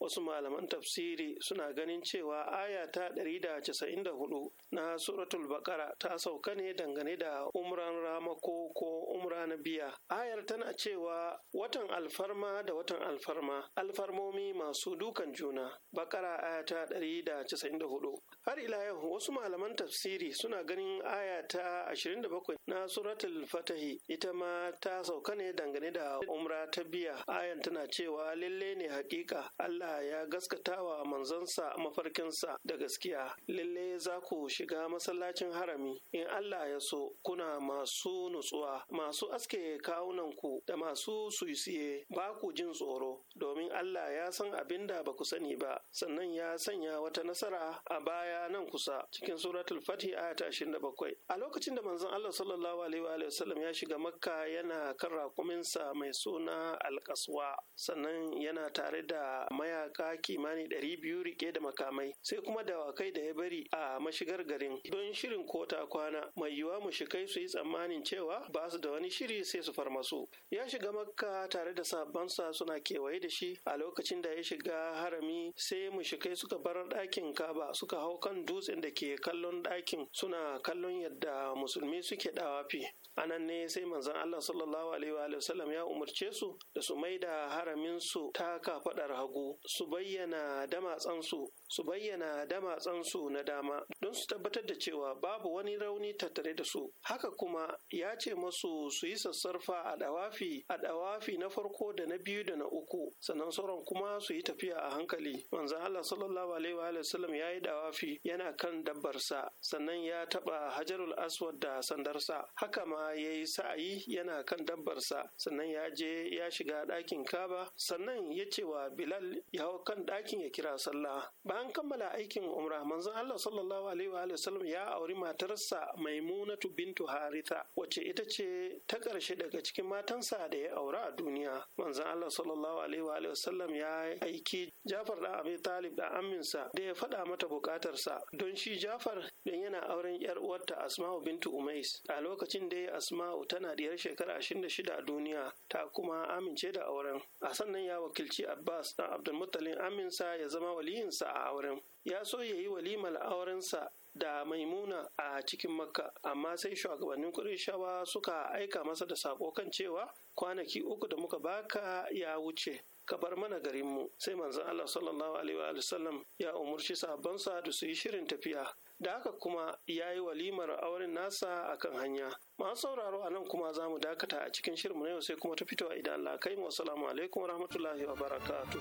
wasu malaman tafsiri suna ganin cewa aya ta 194 na suratul bakara ta sauka ne dangane da umran ramako ko umra na biya ayar tana cewa watan alfarma da watan alfarma alfarmomi masu dukan juna bakara aya ta 194 har ila yau wasu malaman tafsiri suna ganin aya ta 27 na suratul fatahi ita ma ta sauka ne dangane da umra ta biya ayan tana cewa lalle ne hakika Allah Allah ya gaskatawa manzansa mafarkinsa da gaskiya lalle za ku shiga masallacin harami in Allah ya so kuna masu nutsuwa masu aske kawunanku da masu suisiye ba ku jin tsoro domin Allah ya san abin da ba ku sani ba sannan ya sanya wata nasara a baya nan kusa cikin suratul fatih aya ta bakwai. a lokacin da manzon Allah sallallahu alaihi wa sallam ya shiga makka yana kan raƙuminsa mai suna alkaswa sannan yana tare da maya mayaka kimanin ɗari biyu rike da makamai sai kuma dawakai da ya bari a mashigar garin don shirin kota kwana mai yiwuwa shikai su yi tsammanin cewa ba su da wani shiri sai su farma su ya shiga makka tare da sabansa suna kewaye da shi a lokacin da ya shiga harami sai mu mushikai suka bar ɗakin kaba suka hau kan dutsen da ke kallon ɗakin suna kallon yadda musulmi suke dawafi nan ne sai manzon Allah sallallahu alaihi wa sallam ya umarce su da su maida haramin su ta kafadar hagu su bayyana da matsansu su bayyana damatsansu na dama don su tabbatar da cewa babu wani rauni tattare da su haka kuma ya ce masu su yi sassarfa a dawafi a dawafi na farko da na biyu da na uku sannan sauran kuma su yi tafiya a hankali manzon Allah sallallahu alaihi wa sallam ya yi dawafi yana kan dabbarsa sannan ya taba hajarul aswad da sandarsa haka ma ya yi sa'ayi yana kan dabbarsa sannan ya je ya shiga ɗakin kaba sannan ya ce wa bilal ya hau kan ɗakin ya kira sallah an kammala aikin umra manzon Allah sallallahu alaihi wa sallam ya auri matarsa Maimunatu bintu Haritha wacce ita ce ta karshe daga cikin matansa da ya aura a duniya manzon Allah sallallahu alaihi wa sallam ya aiki Jafar da Abi Talib da aminsa da ya faɗa mata bukatarsa don shi Jafar don yana auren yar uwarta Asma'u bintu Umais a lokacin da Asma'u tana diyar shekara 26 a duniya ta kuma amince da auren a sannan ya wakilci Abbas da Abdul Muttalib aminsa ya zama waliyinsa a auren ya so ya yi walimar aurensa da maimuna a cikin makka amma sai shugabannin shawa suka aika masa da sako kan cewa kwanaki uku da muka baka ya wuce ka bar mana garinmu sai manzon Allah sallallahu alaihi wa sallam ya umurci sabonsa da su yi shirin tafiya da haka kuma ya yi walimar auren nasa akan hanya masu sauraro a nan kuma za mu dakata a cikin shirin mu na yau sai kuma ta fitowa idan Allah kai mu assalamu alaikum wa barakatu.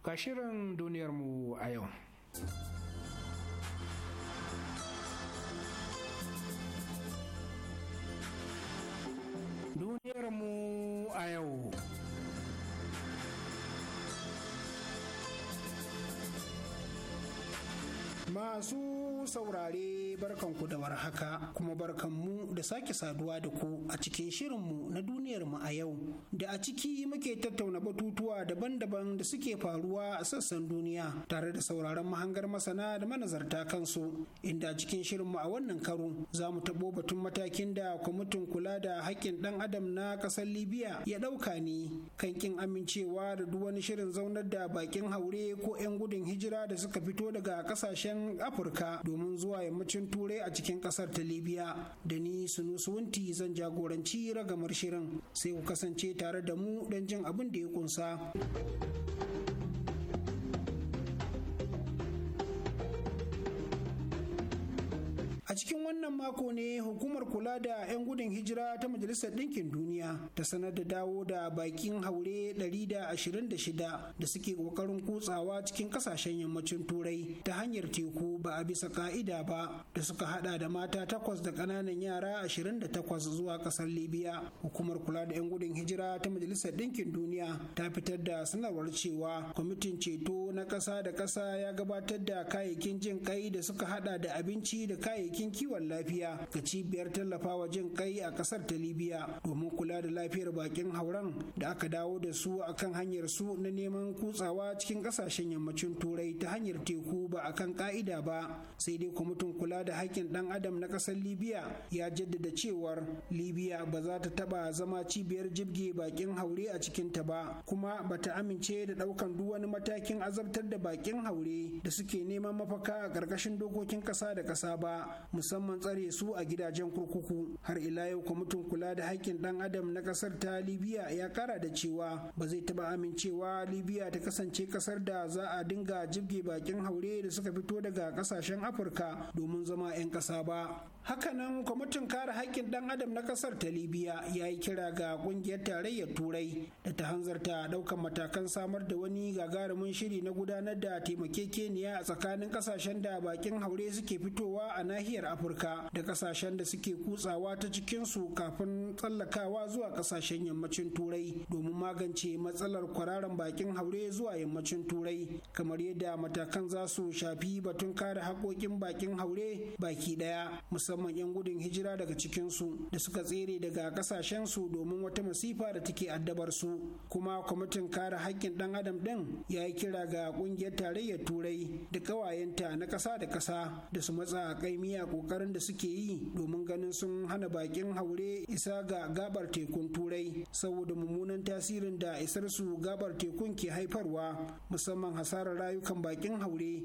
ga shirin duniyarmu a yau duniyarmu a yau masu saurare barkanku da warhaka kuma barkan mu da sake saduwa da ku a cikin shirinmu na duniyar mu a yau da a ciki muke tattauna batutuwa daban-daban da suke faruwa a sassan duniya tare da sauraron mahangar masana da manazarta kansu inda a cikin shirinmu a wannan karo za mu taɓo batun matakin da kwamitin kula da haƙƙin ɗan adam na ƙasar libya ya ɗauka ne kan ƙin amincewa da duk wani shirin zaunar da baƙin haure ko 'yan gudun hijira da suka fito daga ƙasashen afirka domin zuwa yammacin turai a cikin kasar ta libya da ni sunusunti zan jagoranci ragamar shirin sai ku kasance tare da mu don jin abin da ya kunsa. cikin wannan mako ne hukumar kula da 'yan gudun hijira ta Majalisar Ɗinkin Duniya ta sanar da dawo da bakin haure 126 da suke kokarin kutsawa cikin kasashen yammacin Turai ta hanyar teku ba a bisa ka'ida ba da suka hada da mata takwas da ƙananan yara 28 zuwa ƙasar Libya. Hukumar kula da 'yan gudun hijira ta Majalisar Ɗinkin Duniya ta fitar da sanarwar cewa kwamitin ceto na ƙasa da ƙasa ya gabatar da kayayyakin jin kai da suka hada da abinci da kayayyakin kiwon lafiya ga cibiyar tallafawa jin kai a kasar ta libya domin da lafiyar bakin hauren da aka dawo da su a kan hanyar su na neman kutsawa cikin kasashen yammacin turai ta hanyar teku ba a kan ka'ida ba sai dai kwamitin kula da haƙƙin ɗan adam na ƙasar libya ya jaddada cewar libya ba za ta taɓa zama cibiyar jibge bakin haure a cikin ta ba kuma ba ta amince da ɗaukan duk wani matakin azabtar da bakin haure da suke neman mafaka a ƙarƙashin dokokin ƙasa da ƙasa ba musamman tsare su a gidajen kurkuku har ila yau kwamitin kula da haƙƙin ɗan adam na kasar ta Libya ya kara da cewa ba zai taba amincewa Libya ta kasance kasar da za a dinga jibge bakin haure da suka fito daga kasashen Afirka domin zama 'yan kasa ba. Hakanan kwamitin kare haƙƙin ɗan adam na kasar ta Libya ya yi kira ga ƙungiyar tarayyar Turai da ta hanzarta ɗaukan matakan samar da wani gagarumin shiri na gudanar da taimakekeniya a tsakanin kasashen da bakin haure suke fitowa a nahiyar Afirka da kasashen da suke kutsawa ta cikinsu kafin tsallakawa zuwa zuwa kasashen yammacin turai domin magance matsalar kwararan bakin haure zuwa yammacin turai kamar yadda matakan za su shafi batun kare haƙoƙin bakin haure baki ɗaya musamman 'yan gudun hijira daga cikinsu da suka tsere daga su domin wata masifa da take addabar su kuma kwamitin kare haƙƙin ɗan adam ɗin ya yi kira ga ƙungiyar tarayyar turai da ƙawayenta na ƙasa da ƙasa da su matsa a kaimiya ƙoƙarin da suke yi domin ganin sun hana bakin haure isa ga gabar tekun turai saboda mummunan tasirin da isar su gabar tekun ke haifarwa musamman hasarar rayukan bakin haure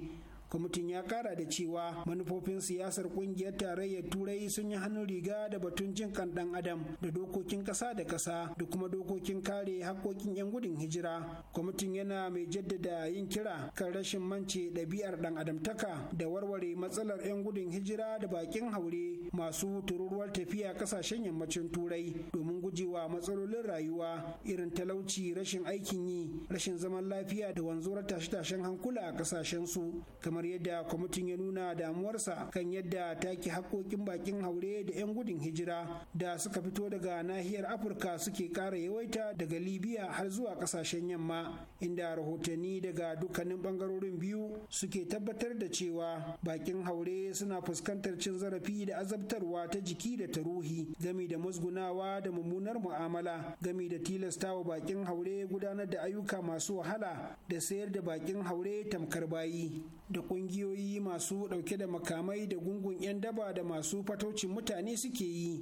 kwamitin ya kara da cewa manufofin siyasar kungiyar tarayyar turai sun yi hannun riga da batun jin kan dan adam da dokokin kasa da kasa da kuma dokokin kare haƙƙoƙin 'yan gudun hijira kwamitin yana mai jaddada yin kira kan rashin mance ɗabi'ar dan adamtaka da warware matsalar 'yan gudun hijira da bakin haure masu tururuwar tafiya kasashen yammacin turai domin gujewa matsalolin rayuwa irin talauci rashin aikin yi rashin zaman lafiya da wanzuwar tashe-tashen hankula a kasashen su kamar yadda kwamitin ya nuna damuwarsa kan yadda take haƙoƙin bakin haure da 'yan gudun hijira da suka fito daga nahiyar afirka suke ƙara yawaita daga libya har zuwa ƙasashen yamma inda rahotanni daga dukkanin ɓangarorin biyu suke tabbatar da cewa bakin haure suna fuskantar cin zarafi da azabtarwa ta jiki da ta ruhi gami da musgunawa da mummunar mu'amala gami da tilastawa bakin haure gudanar da ayyuka masu wahala da sayar da bakin haure tamkar bayi da Ƙungiyoyi masu ɗauke da makamai da gungun 'yan daba da masu fatocin mutane suke yi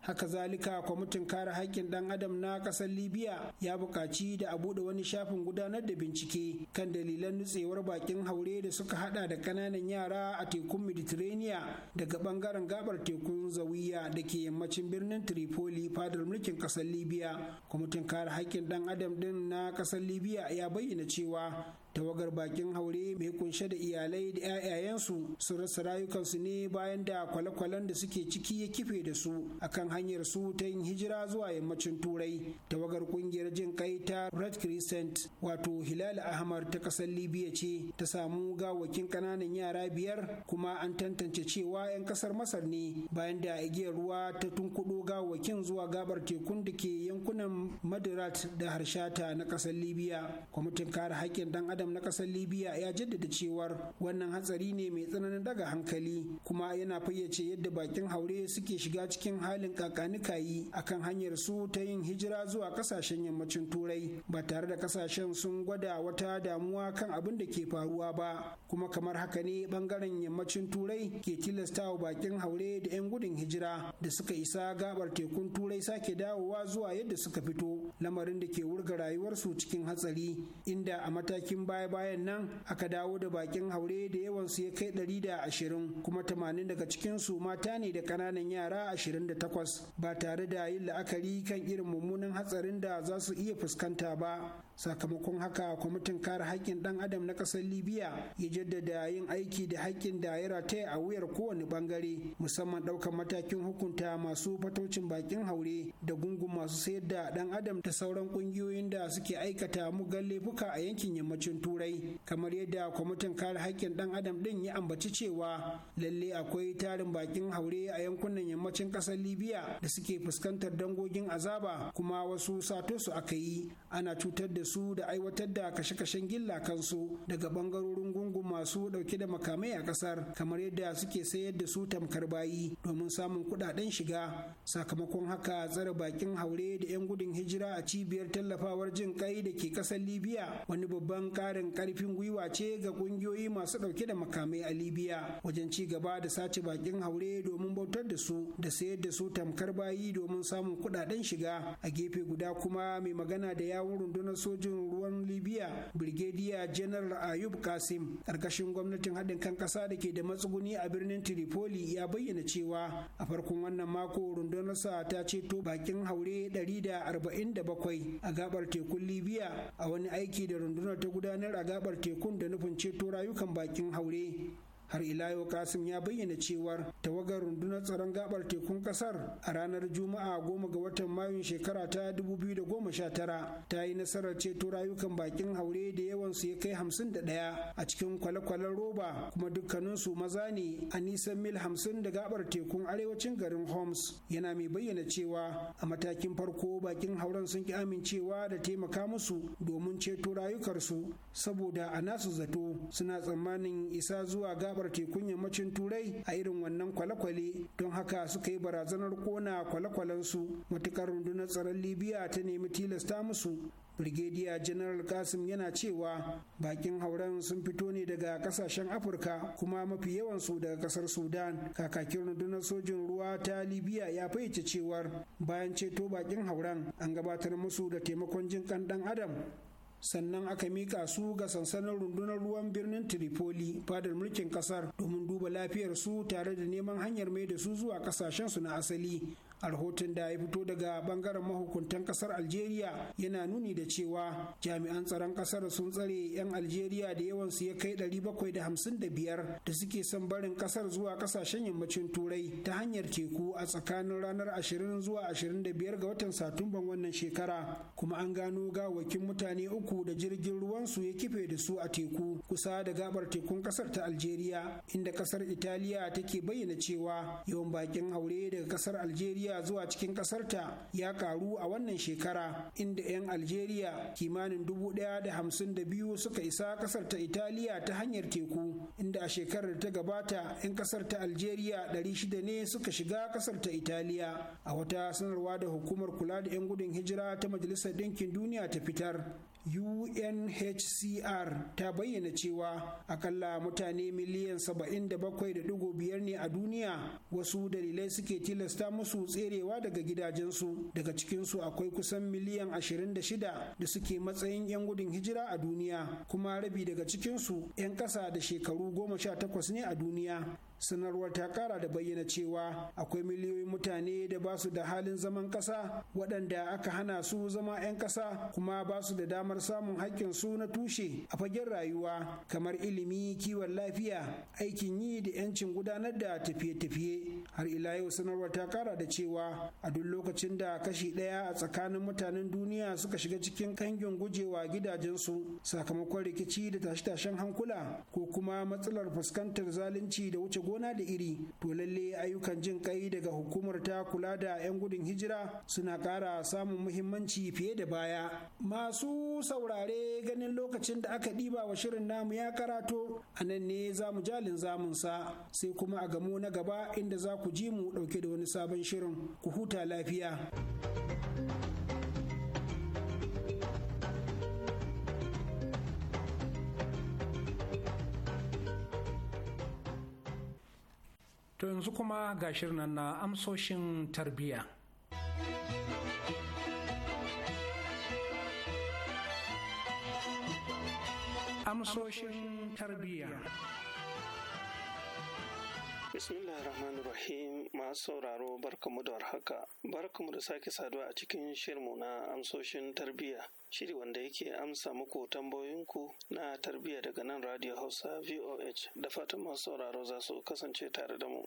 haka zalika kwamitin kare haƙƙin ɗan adam na ƙasar libya ya buƙaci da a buɗe wani shafin gudanar da bincike kan dalilan nutsewar bakin haure da suka haɗa da ƙananan yara a tekun mediterania daga ɓangaren gabar tekun zawiya da ke yammacin birnin tripoli fadar mulkin ƙasar libya kwamitin kare haƙƙin ɗan adam ɗin na ƙasar libya ya bayyana cewa tawagar bakin haure mai kunshe da iyalai da 'ya'yayensu sun rasa rayukansu ne bayan da kwale-kwalen da suke ciki ya kife da su akan hanyar su ta yin hijira zuwa yammacin turai tawagar kungiyar jin kai ta red crescent wato hilal ahmar ta kasar libya ce ta samu gawakin kananan yara biyar kuma an tantance cewa 'yan kasar masar ne bayan da igiyar ruwa ta tunkuɗo gawakin zuwa gabar tekun da ke yankunan madrat da harshata na kasar libya kwamitin kare haƙƙin dan adam adam na kasar libya ya jaddada cewar wannan hatsari ne mai tsananin daga hankali kuma yana fayyace yadda bakin haure suke shiga cikin halin kakanikayi akan hanyar su ta yin hijira zuwa ƙasashen yammacin turai ba tare da ƙasashen sun gwada wata damuwa kan abin da ke faruwa ba kuma kamar haka ne bangaren yammacin turai ke tilastawa bakin haure da 'yan gudun hijira da suka isa gabar tekun turai sake dawowa zuwa yadda suka fito lamarin da ke wurga rayuwarsu cikin hatsari inda a matakin baya-bayan nan aka dawo da bakin haure da yawan su ya kai ɗari da ashirin kuma tamanin daga cikin su mata ne da ƙananan yara ashirin da takwas ba tare da yin la'akari kan irin mummunan hatsarin da za su iya fuskanta ba sakamakon haka kwamitin kare haƙƙin ɗan adam na ƙasar libya ya jaddada yin aiki da haƙƙin da ya rataya a wuyar kowane ɓangare musamman ɗaukar matakin hukunta masu fatocin bakin haure da gungun masu sayar da ɗan adam da sauran ƙungiyoyin da suke aikata mugan laifuka a yankin yammacin turai kamar yadda kwamitin kare haƙƙin ɗan adam ɗin ya ambaci cewa lalle akwai tarin bakin haure a yankunan yammacin ƙasar libya da suke fuskantar dangogin azaba kuma wasu sato su aka yi ana cutar da su su da aiwatar da kashe-kashen gilla kansu daga bangarorin gungu masu dauke da makamai a kasar kamar yadda suke sayar da su tamkar bayi domin samun kudaden shiga sakamakon haka tsare bakin haure da 'yan gudun hijira a cibiyar tallafawar jin kai da ke kasar libya wani babban karin karfin gwiwa ce ga kungiyoyi masu dauke da makamai a libya wajen ci gaba da sace bakin haure domin bautar da su da sayar da su tamkar bayi domin samun kudaden shiga a gefe guda kuma mai magana da yawun rundunar sojin ruwan libya birgediya general ayub kasim ƙarƙashin gwamnatin haɗin kan ƙasa da ke da matsuguni a birnin tripoli ya bayyana cewa a farkon wannan mako rundunarsa ta ceto bakin haure 147 a gabar tekun libya a wani aiki da rundunar ta gudanar a gabar tekun da nufin ceto rayukan bakin haure har ila kasim ya bayyana cewar tawagar rundunar tsaron gabar tekun kasar a ranar juma'a goma ga watan mayun shekara ta 2019 ta yi nasarar ceto rayukan bakin haure da yawan su ya kai 51 a cikin kwale-kwalen roba kuma dukkaninsu maza ne a nisan mil 50 da gabar tekun arewacin garin homs yana mai bayyana cewa a matakin farko bakin hauren sun ki amincewa da taimaka musu domin ceto rayukarsu saboda a nasu zato suna tsammanin isa zuwa gabar gabar tekun yammacin turai a irin wannan kwale-kwale don haka suka yi barazanar kona kwale-kwalensu matukar rundunar tsaron libya ta nemi tilasta musu Brigadier General Kasim yana cewa bakin hauren sun fito ne daga kasashen Afirka kuma mafi yawan su daga kasar Sudan. Kakakin rundunar sojin ruwa ta Libya ya fahimci cewar bayan ceto bakin hauren an gabatar musu da taimakon jin kan dan Adam sannan aka mika su ga sansanin rundunar ruwan birnin Tripoli fadar mulkin kasar domin duba lafiyar su tare da neman hanyar mai da su zuwa kasashen su na asali a rahoton da ya fito daga bangaren mahukuntan kasar algeria yana nuni da cewa jami'an tsaron kasar sun tsare 'yan algeria da yawan su ya kai 755 da suke son barin kasar zuwa kasashen yammacin turai ta hanyar teku a tsakanin ranar 20 zuwa 25 ga watan satumban wannan shekara kuma an gano gawakin mutane uku da jirgin ruwansu ya kife da su a teku kusa da gabar tekun kasar ta algeria inda kasar italiya take bayyana cewa yawan bakin aure daga kasar algeria algeria zuwa cikin ƙasarta ya karu a wannan shekara inda 'yan algeria kimanin dubu ɗaya da hamsin da biyu suka isa ƙasar ta italiya ta hanyar teku inda a shekarar ta gabata 'yan ƙasar ta algeria ɗari shida ne suka shiga ƙasar ta italiya a wata sanarwa da hukumar kula da 'yan gudun hijira ta majalisar ɗinkin duniya ta fitar UNHCR ta bayyana cewa akalla mutane miliyan 77.5 ne a duniya wasu dalilai suke tilasta musu tserewa daga gidajensu daga cikinsu akwai kusan miliyan 26 da suke matsayin 'yan gudun hijira a duniya kuma rabi daga cikinsu 'yan ƙasa da shekaru 18 ne a duniya sanarwar ta kara da bayyana cewa akwai miliyoyin mutane da ba su da halin zaman kasa waɗanda aka hana su zama 'yan kasa kuma ba su da damar samun haƙƙin su na tushe a fagen rayuwa kamar ilimi kiwon lafiya aikin yi da 'yancin gudanar da tafiye-tafiye har ila yau sanarwar ta kara da cewa a duk lokacin da kashi ɗaya a tsakanin mutanen duniya suka shiga cikin kangin gujewa gidajensu sakamakon rikici da tashe-tashen hankula ko kuma matsalar fuskantar zalunci da wuce gona da iri to lalle ayyukan jin kai daga hukumar ta kula da 'yan gudun hijira suna ƙara samun muhimmanci fiye da baya masu saurare ganin lokacin da aka ɗiba wa shirin namu ya karato a nan ne za mu jalin zamunsa sai kuma a gamo na gaba inda za ku ji mu ɗauke da wani sabon shirin ku huta lafiya. To yanzu kuma ga nan na amsoshin tarbiyya. Amsoshin tarbiyya. Bismillahirrahmanirrahim masu sauraro barkamu da warhaka. Barkamu da sake saduwa a cikin shirmu na amsoshin tarbiyya. Shiri wanda yake amsa muku tambayoyinku na tarbiyya daga nan Radio Hausa VOH da fatan masu sauraro za su kasance tare da mu.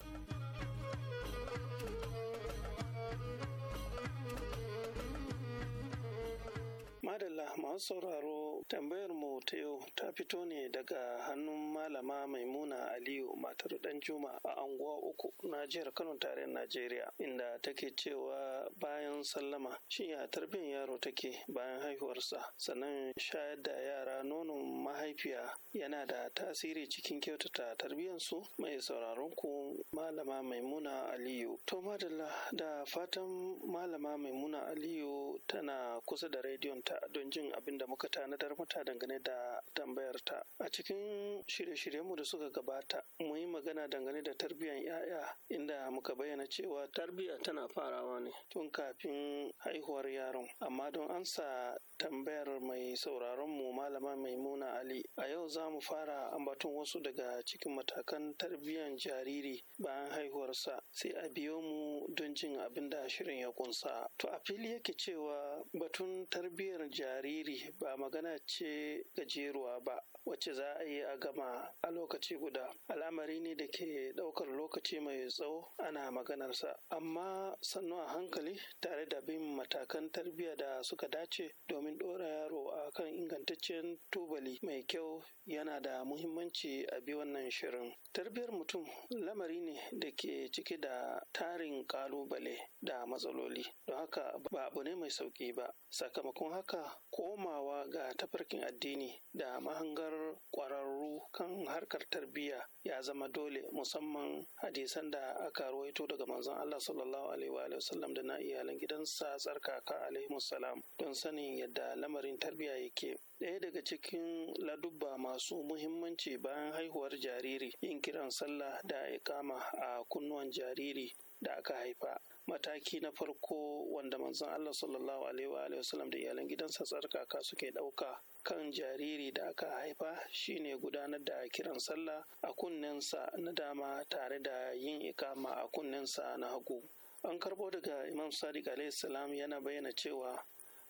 Madalla masu sauraro tambayar mu ta yau ta fito ne daga hannun malama Maimuna Aliyu matar dan Juma a anguwa uku na jihar Kano tarayyar Najeriya inda take cewa bayan sallama shin ya tarbiyyar yaro take bayan haihuwarsa sannan shayar da yara nonon mahaifiya yana da tasiri cikin kyautata tarbiyyarsu mai sauraron ku malama Maimuna Aliyu. To madalla da fatan malama Maimuna Aliyu tana kusa da rediyon ta don jin abin da muka tanadar mata dangane da tambayarta, A cikin shirye-shiryenmu da suka gabata, mun yi magana dangane da tarbiyyar 'ya'ya inda muka bayyana cewa tarbiyya tana farawa ne tun kafin haihuwar yaron. Amma don ansa tambayar mai sauraron mu malama Maimuna Ali, a yau za mu fara ambaton wasu daga cikin matakan tarbiyyar jariri bayan haihuwarsa sai a biyo mu don jin abin da shirin ya kunsa. To a fili yake cewa batun tarbiyyar jariri ba magana ce gajeruwa ba wacce za a yi a gama a lokaci guda al'amari ne da ke ɗaukar lokaci mai tsawo ana maganarsa amma sannu a hankali tare da bin matakan tarbiyya da suka dace domin ɗora yaro a kan ingantaccen tubali mai kyau yana da muhimmanci a bi wannan shirin Tarbiyar mutum lamari ne da ke ciki da tarin kalubale da matsaloli, don haka ba abu ne mai sauƙi ba. Sakamakon haka komawa ga tafarkin addini da mahangar ƙwararru kan harkar tarbiyya ya zama dole musamman hadisan da aka ruwaito daga manzon Allah sallallahu alaihi wa da na iyalan gidansa tsarkaka alaihi salam don sanin yadda lamarin tarbiyya yake. Ɗaya daga cikin ladubba masu muhimmanci bayan haihuwar jariri yin kiran sallah da ikama a kunnuwan jariri da aka haifa mataki na farko wanda manzon Allah sallallahu alaihi wasallam da iyalan gidansa tsarkaka suke ɗauka kan jariri da aka haifa shine gudanar da kiran sallah a kunnensa na dama tare da yin ikama a kunnensa na hagu an karbo daga imam sadiq salam yana bayyana cewa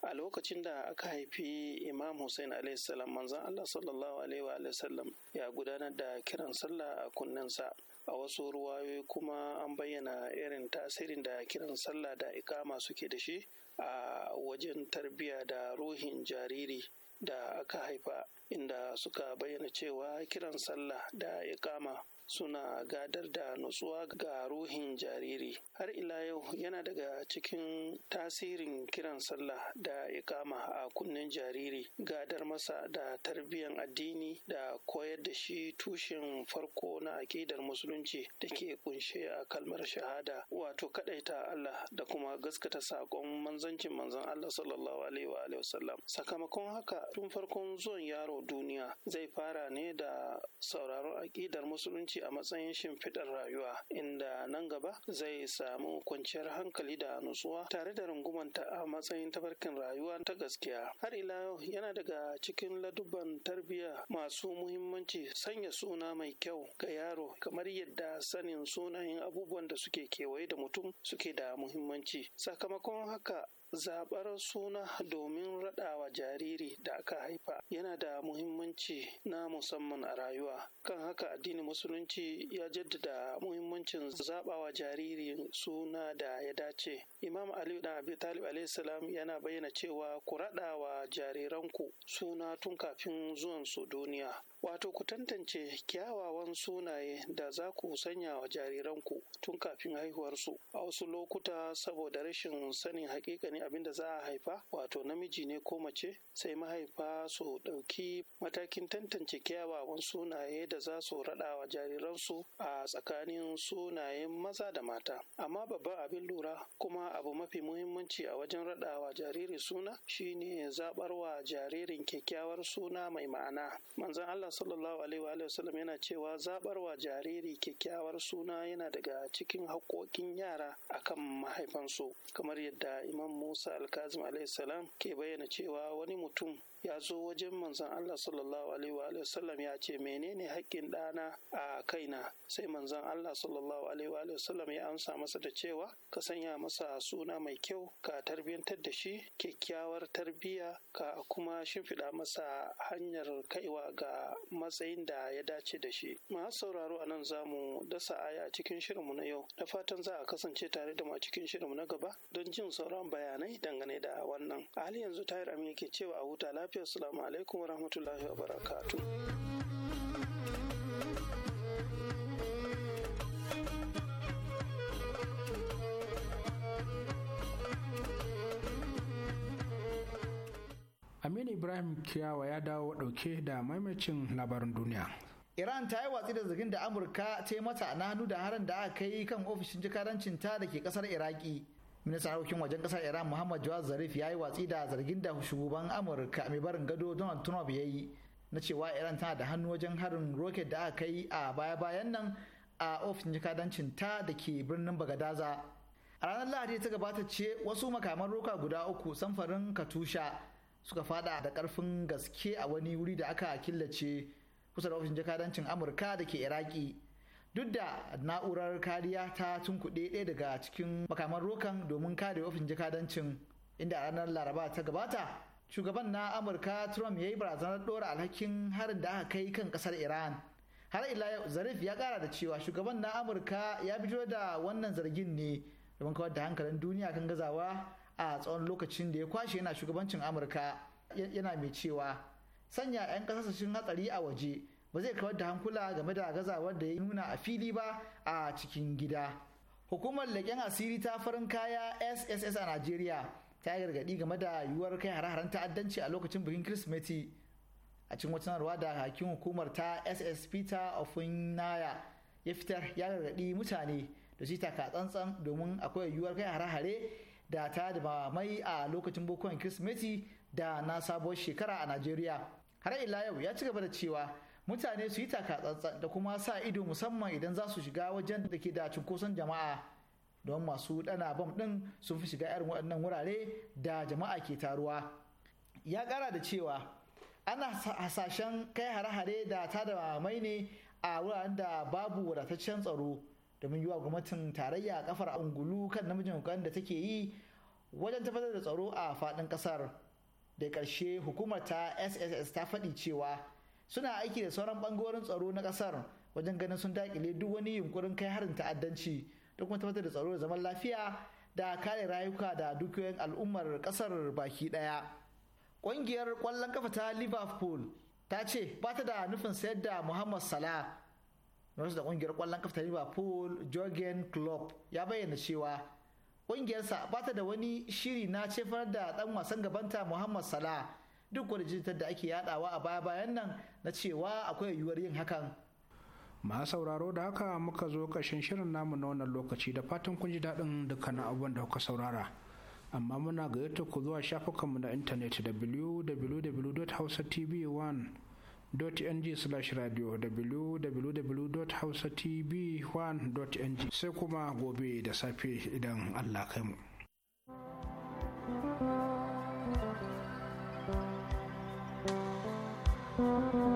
a lokacin da aka haifi imam hussein alaihissalam manzan allah sallallahu alaihi wa sallam ya gudanar da kiran sallah a kunninsa a wasu ruwayoyi kuma an bayyana irin tasirin da kiran sallah da ikama suke da shi a wajen tarbiyya da ruhin jariri da aka haifa inda suka bayyana cewa kiran sallah da ikama suna gadar da nutsuwa ga ruhin jariri har ila yau yana daga cikin tasirin kiran sallah da ikama a kunnen jariri gadar masa da tarbiyyar addini da koyar da shi tushen farko na aƙidar musulunci da ke kunshe a kalmar shahada wato kadaita Allah da kuma gaskata saƙon manzancin manzon Allah sallallahu alaihi wa wasallam sakamakon haka tun farkon zuwan yaro duniya zai fara ne da sauraron aƙidar musulunci musulunci a matsayin shimfiɗar rayuwa inda nan gaba zai samu kwanciyar hankali da nutsuwa tare da rungumanta a matsayin tafarkin rayuwa ta gaskiya har ila yau yana daga cikin ladubban tarbiyya masu muhimmanci sanya suna mai kyau ga yaro kamar yadda sanin sunayen abubuwan da suke kewaye da mutum suke da muhimmanci sakamakon haka zaɓar suna domin raɗawa jariri da aka haifa yana da muhimmanci na musamman a rayuwa kan haka addinin musulunci ya jaddada muhimmancin zaɓawa jariri suna da ya dace imam ali da abi talib salam yana bayyana cewa ku raɗawa jariranku suna tun kafin zuwan su duniya wato ku tantance kyawawan sunaye da za ku sanya wa jariranku tun kafin haihuwarsu a wasu lokuta saboda rashin sanin hakikanin abin da za a haifa wato namiji ne ko mace sai mahaifa su ɗauki matakin tantance kyawawan sunaye da za su raɗa wa jariransu a tsakanin sunayen maza da mata amma babban abin lura kuma abu mafi muhimmanci a wajen wa jariri suna shine zaɓarwa jaririn kyakkyawar suna mai ma'ana Manzan Allah sallallahu alaihi wa sallam yana cewa zabar wa jariri kyakkyawar suna yana daga cikin haƙoƙin yara akan mahaifansu kamar yadda imam musa alkazim alaihi salam ke bayyana cewa wani mutum ya zo wajen manzon Allah sallallahu alaihi wa sallam ya ce menene haƙƙin ɗana a kaina sai manzon Allah sallallahu alaihi wa sallam ya amsa masa da cewa ka sanya masa suna mai kyau ka tarbiyantar da shi kyakkyawar tarbiyya ka kuma shimfiɗa masa hanyar kaiwa ga matsayin da ya dace da shi Ma sauraro a nan za dasa aya a cikin shirinmu na yau da fatan za a kasance tare da mu a cikin shirinmu na gaba don jin sauran bayanai dangane da wannan a hali yanzu tayar amin yake cewa a huta lafiya lafiya assalamu alaikum wa rahmatullahi wa barakatu. Aminu Ibrahim Kiyawa ya dawo ɗauke da maimacin labarin duniya. Iran ta yi watsi da zargin da Amurka ta yi mata na hannu da harin da aka yi kan ofishin jikarancinta ta da ke kasar Iraki. ministan harkokin wajen kasar iran muhammad jawad zarif ya yi watsi da zargin da shugaban amurka mai barin gado donald trump ya yi na cewa iran tana da hannu wajen harin roket da aka kai a baya-bayan nan a ofishin jakadancin ta da ke birnin bagadaza a ranar lahadi ta gabata ce wasu makaman roka guda uku samfarin katusha suka fada da karfin gaske a wani wuri da aka killace kusa da ofishin jakadancin amurka da ke iraki duk da na'urar kariya ta tunkuɗe ɗaya daga cikin makaman rokan domin kare ofin jikadancin inda ranar laraba ta gabata shugaban na amurka trump ya yi barazanar ɗora alhakin harin da aka kai kan ƙasar iran har ila yau zarif ya ƙara da cewa shugaban na amurka ya fito da wannan zargin ne domin kawar da hankalin duniya kan gazawa a tsawon lokacin da ya kwashe yana shugabancin amurka yana mai cewa sanya 'yan ƙasashen hatsari a waje ba zai kawar da hankula game da gazawar da ya nuna a fili ba a cikin gida hukumar leƙen asiri ta farin kaya sss a najeriya ta yi gargaɗi game da yiwuwar kai hare-haren ta'addanci a lokacin bikin kirsimeti a cikin wata sanarwa da hakin hukumar ta ss peter ofunaya ya fitar ya gargaɗi mutane da shi taka tsantsan domin akwai yiwuwar kai hare-hare da ta mai a lokacin bukukuwan kirsimeti da na sabuwar shekara a najeriya har ila yau ya ci gaba da cewa mutane su yi takatsantsan da kuma sa ido musamman idan za su shiga wajen da ke da cunkoson jama'a don masu dana bam din sun fi shiga irin waɗannan wurare da jama'a ke taruwa ya kara da cewa ana hasashen kai hare-hare da ta tada mai ne a wuraren da babu wadataccen tsaro domin yiwa gwamnatin tarayya kafar ungulu kan namijin hukumar da take yi wajen tabbatar da tsaro a faɗin ƙasar da ƙarshe hukumar ta sss ta faɗi cewa suna aiki da sauran bangoren tsaro na kasar wajen ganin sun dakile duk wani yunkurin kai harin ta'addanci da kuma tabbatar da tsaro da zaman lafiya da kare rayuka da dukiyoyin al'ummar kasar baki daya ƙungiyar ƙwallon kafa ta liverpool ta ce ba ta da nufin sayar da muhammad salah na da kungiyar kwallon kafa ta liverpool jorgen klopp ya bayyana cewa ƙungiyarsa ba ta da wani shiri na cefar da ɗan wasan gabanta muhammad salah duk wani jita da ake yadawa a baya bayan nan na cewa akwai yiwuwar yin hakan Ma sauraro da haka muka zo kashin shirin namu na wannan lokaci da fatan kun ji daɗin dukkanin abubuwan da kuka saurara amma muna gayyata ku zuwa shafukanmu na intanet www.hausatv1.ng radio www.hausatv1.ng sai kuma gobe da safe idan allah kai mu Thank you.